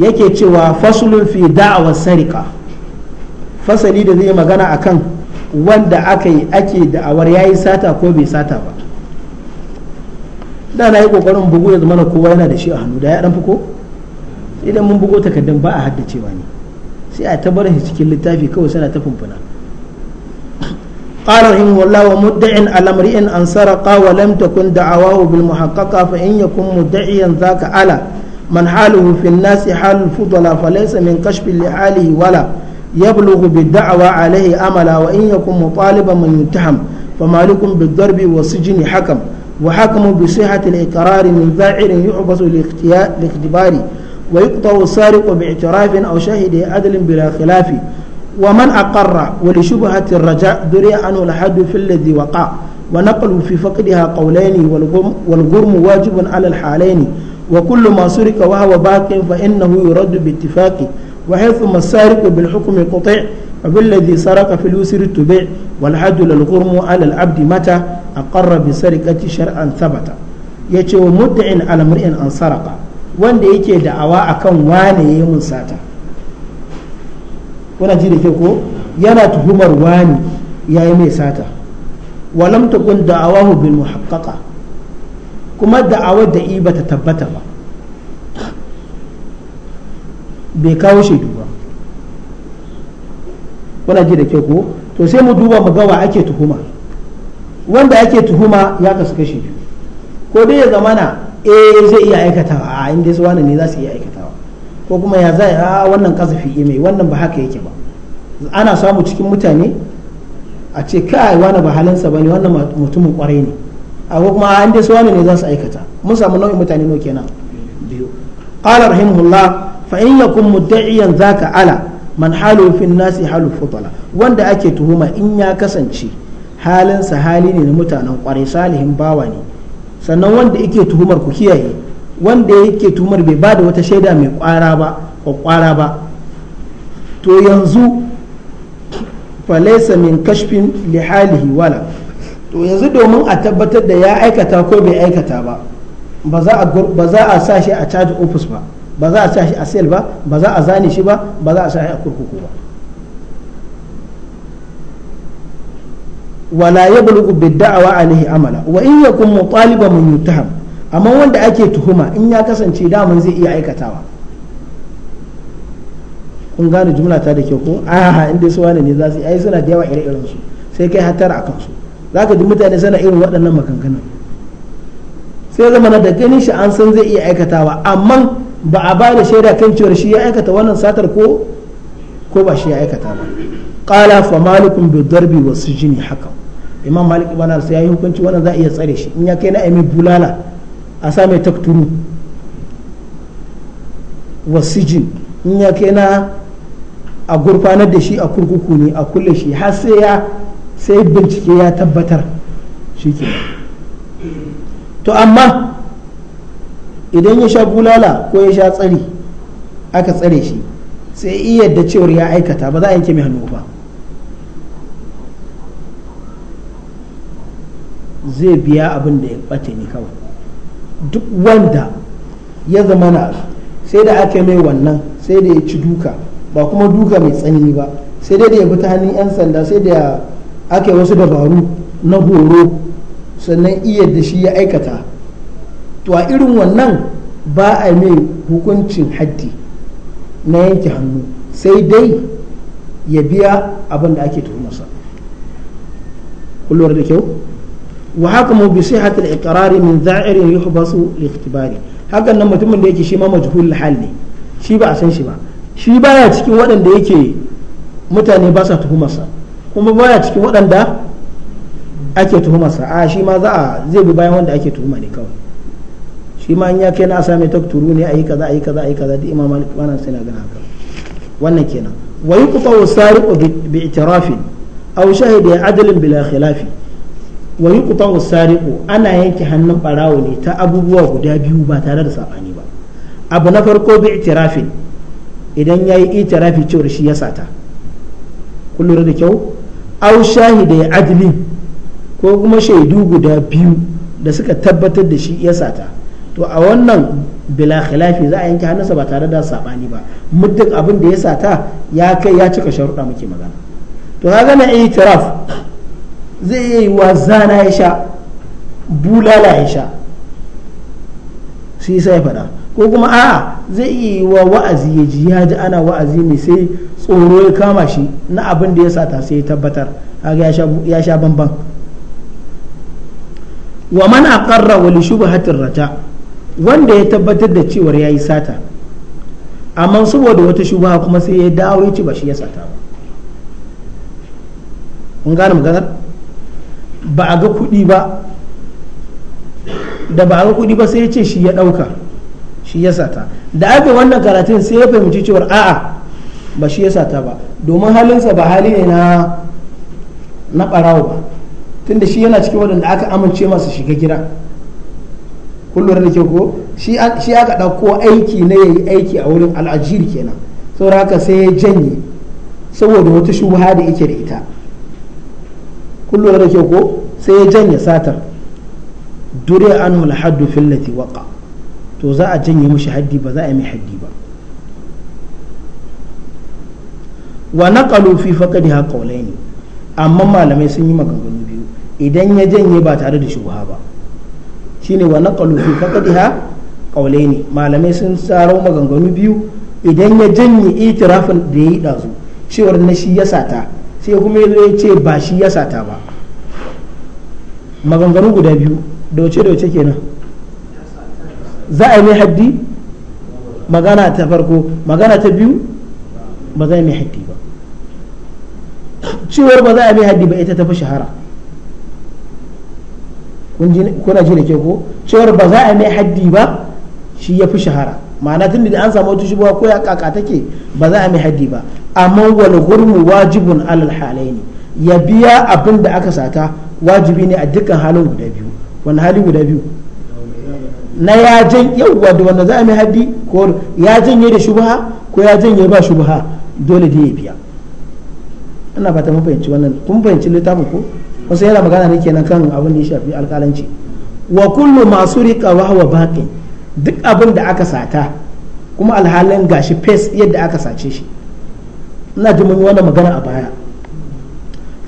yake cewa fasulun fi da'awar sarika fasali da zai magana kan wanda aka yi ake da'awar yayi sata ko bai sata ba da na yi kokarin bugu ya zama kowa yana da shi a hannu da ya dan fuko idan mun bugo takardun ba a haddacewa ne sai a tabar shi cikin littafi kawai sana ta fumfuna قال رحمه الله ومدع على امرئ ان سرق ولم تكن دعواه بالمحققه فان يكن مدعيا ذاك Ala. من حاله في الناس حال الفضلاء فليس من كشف لحاله ولا يبلغ بالدعوى عليه أملا وإن يكن مطالبا من يتهم فمالك بالضرب والسجن حكم وحكم بصحة الإقرار من ذاعر يحبس لاختبار ويقطع السارق باعتراف أو شهد عدل بلا خلاف ومن أقر ولشبهة الرجاء دري عنه الحد في الذي وقع ونقل في فقدها قولين والغرم واجب على الحالين وكل ما سرق وهو باق فإنه يرد باتفاق وحيثما السارق بالحكم قطع فبالذي سرق في اليسر تبيع والحد للغرم على العبد متى أقر بسرقة شرعا ثبت yace wa mudda'in ala mur'in an saraka wanda yake da'awa akan wane ya mun sata kuna ji da tuhumar wani yayi mai sata walam takun da'awahu bil muhaqqaqa kuma da da'awar da i ta tabbata ba bai kawo shaidu ba kuna ji da kyau ko to sai mu duba mu gawa ake tuhuma wanda ake tuhuma ya kasu kashi biyu ko dai ya zamana eh zai iya aikatawa a inda su wani ne za su iya aikatawa ko kuma ya zai a wannan kasafi mai wannan ba haka yake ba ana samu cikin mutane a ce kai wani ba halinsa ba ne wannan mutumin kwarai ne a kuma an dai wani ne za su aikata mun samu nau'in mutane nawa kenan biyu qala rahimahullah fa in mudda'iyan zaka ala man halu fi nasi halu futala wanda ake tuhuma in ya kasance halinsa hali ne na mutanen kwarai salihin bawa ne sannan wanda yake tuhumar ku kiyaye wanda yake tuhumar bai bada wata shaida mai kwara ba to yanzu falesa min kashfin lihalihi wala to yanzu domin a tabbatar da ya aikata ko bai aikata ba ba za a sa shi a caji ofis ba ba za a sa shi a sel ba ba za a zane shi ba ba za a sa shi a kurkuku ba wala ya bulugu bidda'awa alaihi amala wa in yakun mutaliba mun yutaham amma wanda ake tuhuma in ya kasance daman zai iya aikatawa kun gane jumla ta da kyau ko a inda su wani ne za su yi ai suna da yawa ire irensu sai kai hatar a su za ka ji mutane suna irin waɗannan makankanan sai zama na da ganin shi an san zai iya aikatawa amma ba a ba da shaida kan cewar shi ya aikata wannan satar ko ko ba shi ya aikata ba qala fa malikum bi darbi wa haka imam malik ibn al yi hukunci wannan za iya tsare shi in ya kai na aimi bulala a sa mai takturu wa sijin in ya kai na a gurfanar da shi a kurkuku ne a kulle shi har sai ya sai bincike ya tabbatar shi to amma idan ya sha bulala ko ya sha tsari aka tsare shi sai iya da cewar ya aikata ba za a yanke mai hannu ba zai biya abin da ya bace ne kawai duk wanda ya zama na sai da aka mai wannan sai da ya ci duka ba kuma duka mai tsanani ba sai dai da ya bi ta hannun 'yan sanda sai da ya aka yi wasu dabaru na horo sannan iya da shi ya aikata to a irin wannan ba a mai hukuncin haddi na yanke hannu sai dai ya biya abin da ake tuhumarsa kullum da kyau wa haka mu bi sihatul iqrari min za'irin yuhbasu li ikhtibari hakan nan mutumin da yake shi ma majhul hal ne shi ba a san shi ba shi baya cikin waɗanda yake mutane ba sa tuhumarsa kuma baya cikin waɗanda ake tuhumarsa a shi ma za a zai bi bayan wanda ake tuhuma ne kawai shi ma in ya kai na a sami takturu ne a yi kaza a yi kaza a yi kaza da imam malik wannan sai na gana haka wannan kenan wa sari ko bi itirafin aw ya adalin bila khilafi wa sari ko ana yanke hannun barawo ne ta abubuwa guda biyu ba tare da sabani ba abu na farko bi itirafin idan yi itirafi cewar shi ya sata kullum da kyau au shahida adli ko kuma shaidu guda biyu da suka tabbatar da shi ya sata to a wannan bila khilafi za a yanke hannunsa ba tare da sabani ba muddin abin da ya sata ya kai ya cika sharuɗa muke magana to kaga na itiraf zai iya yi wa zana ya sha bulala ya sha sai ya faɗa ko kuma a'a zai iya yi wa wa'azi ya ji ya ji ana wa'azi ne sai tsoro ya kama shi na abin da ya sata sai ya tabbatar haka ya sha bambam. wa man aqarra wa li shubhatir rata wanda ya tabbatar da cewar yayi sata amma saboda wata shubha kuma sai ya dawo ya ci ba shi ya sata ba a ga kuɗi ba da ba a ga kuɗi ba sai ya ce shi ya ɗauka shi ya sata da aka wannan karatun sai ya fahimci cewar a'a ba shi ya sata ba domin halinsa ba hali ne na na barawo ba tunda shi yana cikin waɗanda aka amince masu shiga gida kullum da ke ko shi aka ɗauko aiki na ya yi aiki a wurin al'ajiri kenan saboda haka sai ya janye saboda wata shubha da yake da ita kullum da ke ko sai ya janye satar dure an haddu fillati waqa to za a janye mishi haddi ba za a yi mai haddi ba wa naqalu fi faqdiha qawlaini amma malamai sun yi maganganu biyu idan ya janye ba tare da shubha ba shine wa naqalu fi faqdiha qawlaini malamai sun tsaro maganganu biyu idan ya janye itirafin da yayi dazu cewar na shi ya sata sai kuma ya ce ba shi ya sata ba maganganu guda biyu dauce dauce kenan za a yi mai haddi magana ta farko magana ta biyu ba za a yi mai haddi ba cewar ba za a mai haddi ba ita tafi shahara kuna ji da ke ko cewar ba za a mai haddi ba shi ya fi shahara ma'ana tun da an samu wata shubuwa ko ya kaka take ba za a mai haddi ba amma wani gurmu wajibun alal halai ne ya biya abin da aka sata wajibi ne a dukkan halin guda biyu wani hali guda biyu na ya jan yawwa da wanda za a mai haddi ko ya janye da shubha ko ya janye ba shubha dole da ya biya ina fata mun fahimci wannan kun fahimci littafin ko wasu yana magana ne kenan kan abin da ya shafi alƙalanci wa kullu masu rika wa hawa baƙi duk abin da aka sata kuma alhalin gashi fes yadda aka sace shi ina jin mun wannan magana a baya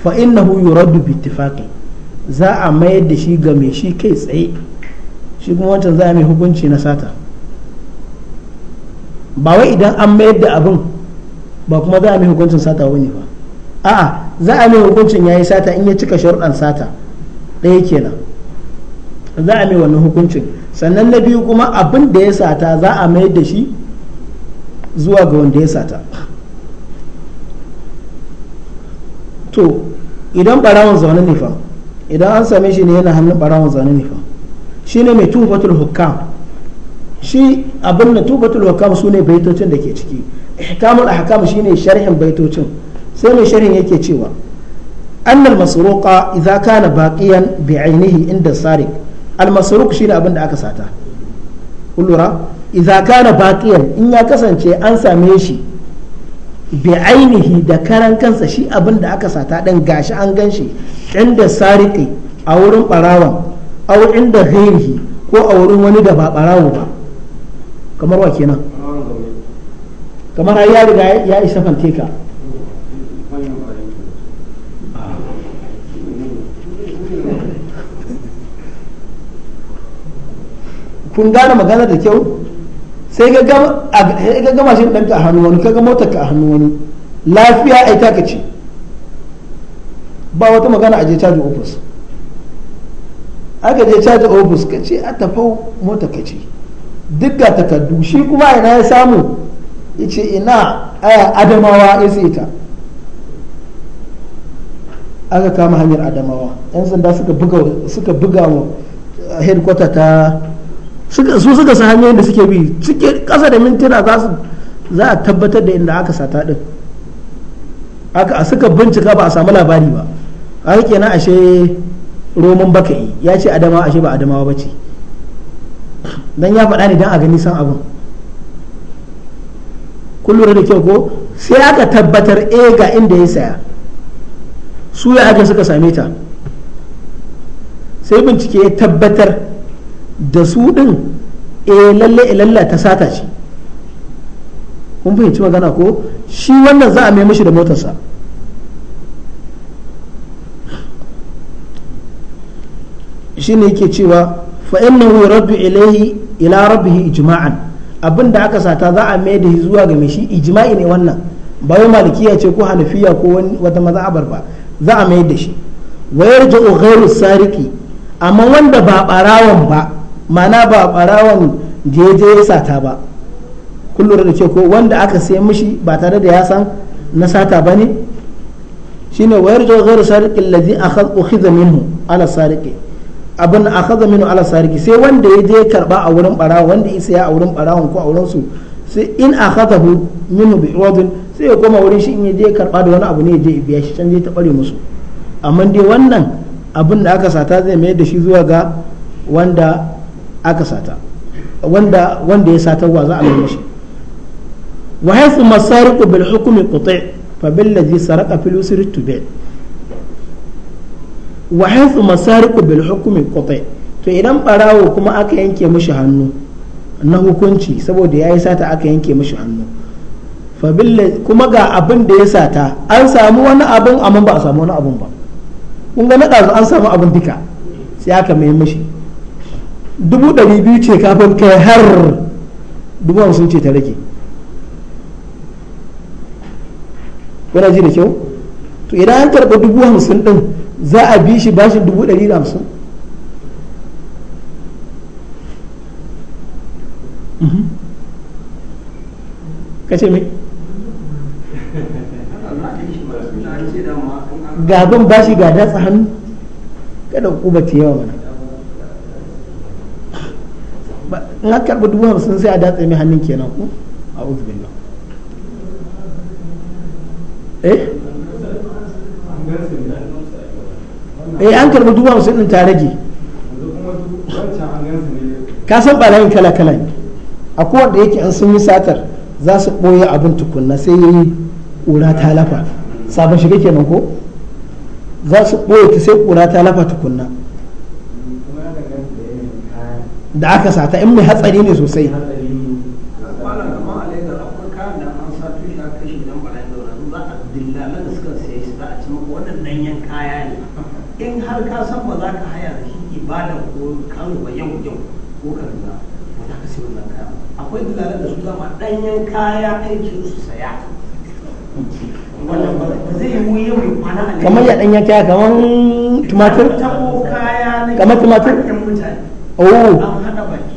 fa innahu yuraddu bi ittifaqi za a mayar da shi ga mai shi kai tsaye shi kuma wancan za a mai hukunci na sata ba wai idan an mayar da abin ba kuma za a mai hukuncin sata wani ba a'a za a mai hukuncin ya yi sata in ya cika sharuɗan sata ɗaya kenan za a mai wannan hukuncin sannan na biyu kuma abin da ya sata za a mayar da shi zuwa ga wanda ya sata to idan ɓarawon zaune ne fa idan an same shi ne yana hannun ɓarawon zaune ne fa shi ne mai tubatul hukam shi abin da tubatul su ne baitocin da ke ciki ihkamul ahkam shi ne sharhin baitocin sai mai sharhin yake cewa an masruqa idza kana baqiyan bi da aka sata kullura in ya kasance an same shi bi ainihi da karan shi abin aka sata din gashi an ganshi inda sariqi a wurin barawon. aw inda ghairihi ko a wurin wani da ba barawo ba kamar wa kenan kamar ya riga ya isa fante ka kun gane magana da kyau sai ga gama shi ɗanka a hannu wani kaga motar ka a hannu wani lafiya ai ka ce ba wata magana a je caji ofis aka je caji ofis ka ce a tafau mota ka ce duk ga takardu shi kuma ina ya samu ya ce ina aya adamawa ya sai ta aka kama hanyar adamawa yan sanda suka buga buga mu uh, headquarter ta suka su suka san hanyoyin da suke bi cike kasa da mintuna za su za a tabbatar da inda aka sata din aka suka bincika ba a samu labari ba aka kenan ashe roman baka yi ya ce adamawa ashe ba adamawa ba ce don ya faɗa ne don a gani san abin kun lura da kyau ko sai aka tabbatar e ga inda ya saya su ya aka suka same ta sai bincike ya tabbatar da su ɗin e lalle e lalle ta sata ce kun fahimci magana ko shi wannan za a mai mishi da motarsa shine yake cewa fa innahu rabbi ilayhi ila rabbih ijma'an abinda aka sata za a mai da shi zuwa ga shi ijma'i ne wannan ba wai malikiya ce ko hanafiya ko wata mazhabar ba za a mai da shi wa yarja'u ghayru sariqi amma wanda ba barawan ba mana ba barawan da ya je ya sata ba kullum da ce ko wanda aka sai mishi ba tare da ya san na sata ba ne shine wayar jawar sariqi allazi akhadha minhu ala sariqi abin akhadha minu ala sariki sai wanda ya je karba a wurin barawa wanda isa ya a wurin barawon ko a wurin su sai in akhadahu minu bi rodin sai ya koma wurin shi in ya je karba da wani abu ne ya je biya shi can zai ta bare musu amma dai wannan abin da aka sata zai mayar da shi zuwa ga wanda aka sata wanda wanda ya sata wa za a mai shi wa haythu masariqu bil hukmi quti fa bil ladhi saraqa fil usri wa haythu masariku bil hukumi qati to idan barawo kuma aka yanke mishi hannu na hukunci saboda ya yi sata aka yanke mishi hannu fa kuma ga abin da ya sata an samu wani abin amma ba a samu wani abin ba kun ga na an samu abin duka sai aka mai mishi dubu ɗari biyu ce kafin kai har dubu hamsin ce ta rage kuna ji da kyau to idan an karɓi dubu hamsin ɗin za a bi shi bashin dubu ɗari da hamsin mhm. kace mai gaban bashi ga datsa hannu kada ku ba ta yawa mana in ka karɓi dubu hamsin sai a datsa mai hannun kenan ku a uzbilla eh eh an karbi duba hamsin ɗin ta rage ka san barayin kala kala a kowanne yake an sun yi satar za su ɓoye abin tukunna sai yi ƙura ta lafa sabon shiga kenan ko za su ɓoye ta sai ƙura ta lafa tukunna da aka sata in mai hatsari ne sosai ɗanyen kaya aikin su saya kamar ya ɗanyen kaya kamar tumatir kamar tumatir oh an baki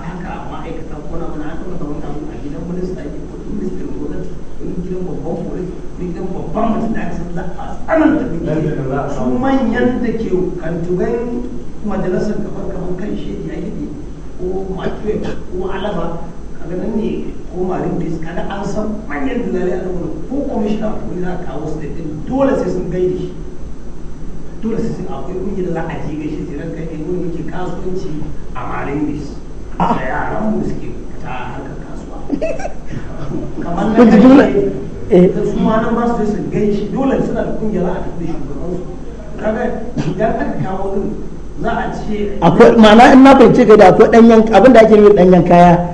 haka kuna mana a gidan minista ko ko gidan babban gidan babban mutum da aka su manyan da ke kantugan majalisar kamar kamar kan shi ya yi ko ko alaba kaga nan ne ko marin fis kaga an san manyan dillalai a nan ko kwamishina ko za a kawo su ɗin dole sai sun gaidi shi dole sai sun akwai da za a je gaishe sai ranka ɗin wani muke kasuwanci a marin fis a yaran mu suke ta harkar kasuwa kamar na eh. da su ma nan ba su sai su gaishe dole suna da ƙungiyar za a tafi da shugabansu kaga idan aka kawo ɗin za a ce akwai ma'ana in na fahimci ka da akwai ɗanyen abin da ake nufi ɗanyen kaya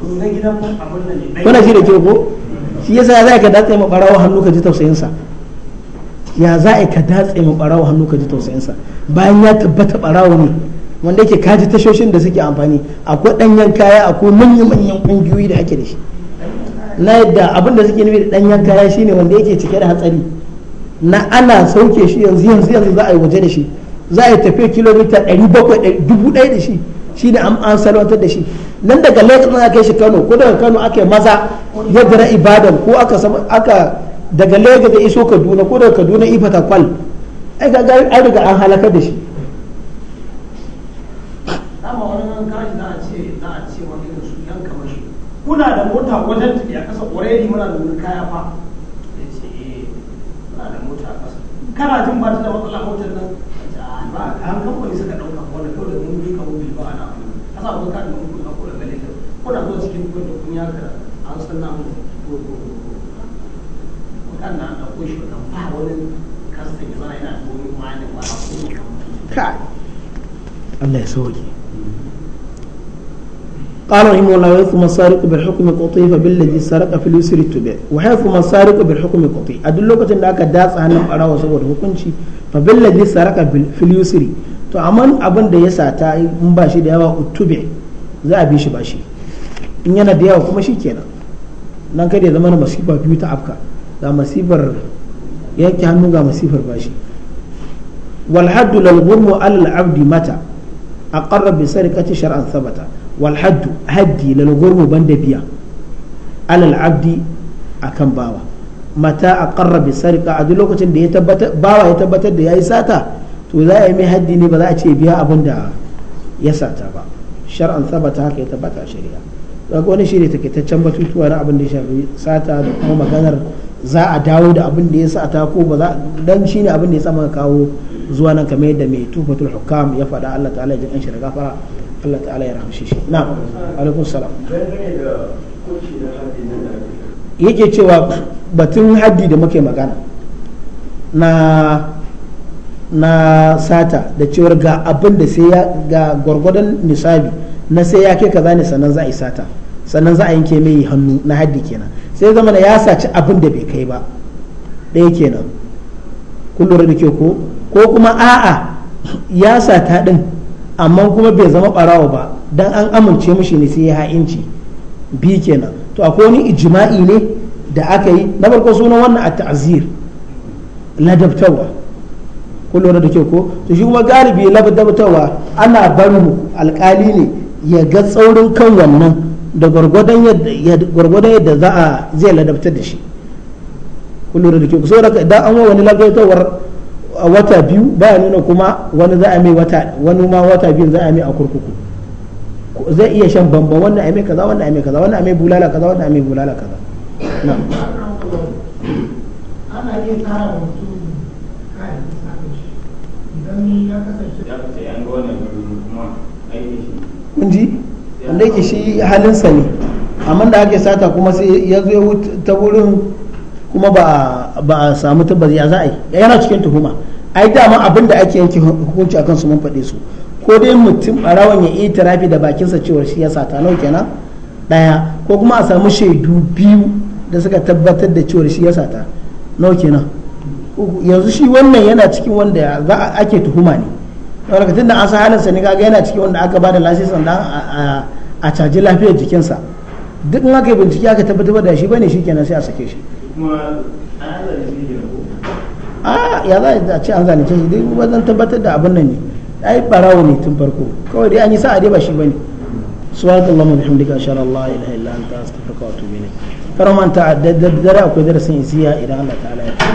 kuna shi da ke ko shi yasa ya za ka datse ma barawa hannu ka ji tausayinsa ya za ka datse ma barawa hannu ka ji tausayinsa bayan ya tabbata barawa ne wanda yake kaji tashoshin da suke amfani akwai danyen kaya akwai manyan manyan kungiyoyi da ake da shi na yadda abin da suke nufi da danyen kaya shine wanda yake cike da hatsari na ana sauke shi yanzu yanzu yanzu za a yi waje da shi za a yi tafiya kilomita 700 da shi shi da an salwantar da shi nan daga Lagos aka yi shi Kano ko daga Kano aka yi maza yadda na Ibadan ko aka aka daga Lagos da iso Kaduna ko daga Kaduna ifata kwal ai ga an riga an halakar da shi kuna da mota wajen tafiya a kasa already muna da wani kaya fa ya ce eh muna da mota kasa kana jin ba ta da matsala motar nan ba an kamfani suka ɗauka. ba kun a kula gare cikin kun da an ko ko da ko shi ba wani kasta ya zana yana ba kuma Allah ya قال رحمه الله وحيثما مسارق بالحكم القطعي فبالذي سرق في اليسر التبع وحيثما مسارق بالحكم القطعي ادلوكتين دا aka datsa hannun barawa saboda hukunci سرق saraka اليسر to amma abin da ya sata in ba shi da yawa utube za a bi shi ba shi in yana da yawa kuma shi kenan nan kai da zama na masifa biyu ta afka ga masifar yanke hannu ga masifar bashi shi walhaddu lal alal abdi mata a aqarra bi sarqati shar'an sabata walhaddu haddi lal ban da biya alal abdi akan bawa mata aqarra bi sarqa a duk lokacin da ya tabbatar bawa ya tabbatar da yayi sata to za a yi mai haddi ne ba za a ce biya abin da ya sata ba shar'an sabata haka ya tabbata shari'a daga wani shi ne takaitaccen batutuwa na abin da ya shafi sata da kuma maganar za a dawo da abin da ya sata ko ba za dan shi ne abin da ya tsama kawo zuwa nan kamar yadda mai tufatul hukam ya faɗa Allah ta'ala ya jin kanshi da gafara Allah ta'ala ya rahamshe shi na'am alaikum salam yake cewa batun haddi da muke magana na na sata da cewar ga abin da sai ga gwargwadon nisabi na sai ya kai kaza ne sannan za a yi sata sannan za a yanke mai hannu na haddi kenan sai zama ya saci abin da bai kai ba ɗaya kenan kun lura da ke ko ko kuma a'a ya sata din amma kuma bai zama barawa ba dan an amince mishi ne sai ya ha'inci bi kenan to akwai wani ijma'i ne da aka yi na farko sunan wannan a ta'zir ladabtawa. kun lura da kyau ko to shi kuma galibi labdabtawa ana barhu alkali ne ya ga tsaurin kan wannan da gwargwadon yadda za a zai ladabtar da shi kun lura da kyau so daga idan an wani labdabtawar a wata biyu baya nuna kuma wani za a mai wata wani ma wata biyu za a mai a kurkuku zai iya shan bamba wannan a mai kaza wannan a mai kaza wannan a mai bulala kaza wannan a mai bulala kaza na ana iya kara mutum kun wanda yake shi halinsa ne amma da ake sata kuma sai ya zo ta wurin kuma ba a samu tabbas za a yi yana cikin tuhuma ai dama abin da ake yanke hukunci akan su mun faɗe su ko dai mutum a rawan ya ta tarafi da bakinsa cewar shi ya sata nau kenan ɗaya ko kuma a samu shaidu biyu da suka tabbatar da cewar shi ya sata nau kenan yanzu shi wannan yana cikin wanda za a ake tuhuma ne daga tunda an halin sa ne kaga yana cikin wanda aka ba da lasisin a caji lafiyar jikinsa duk in aka yi bincike aka tabbatar da shi bane shikenan sai a sake shi a ya za a ce an zalunce shi dai wajen tabbatar da abin nan ne ai barawo ne tun farko kawai dai an yi sa'a dai ba shi bane subhanallahi wa bihamdika ashhadu an la ilaha illa anta astaghfiruka wa atubu ilayk kar man ta'addada dare akwai darasin isiya idan Allah ta'ala ya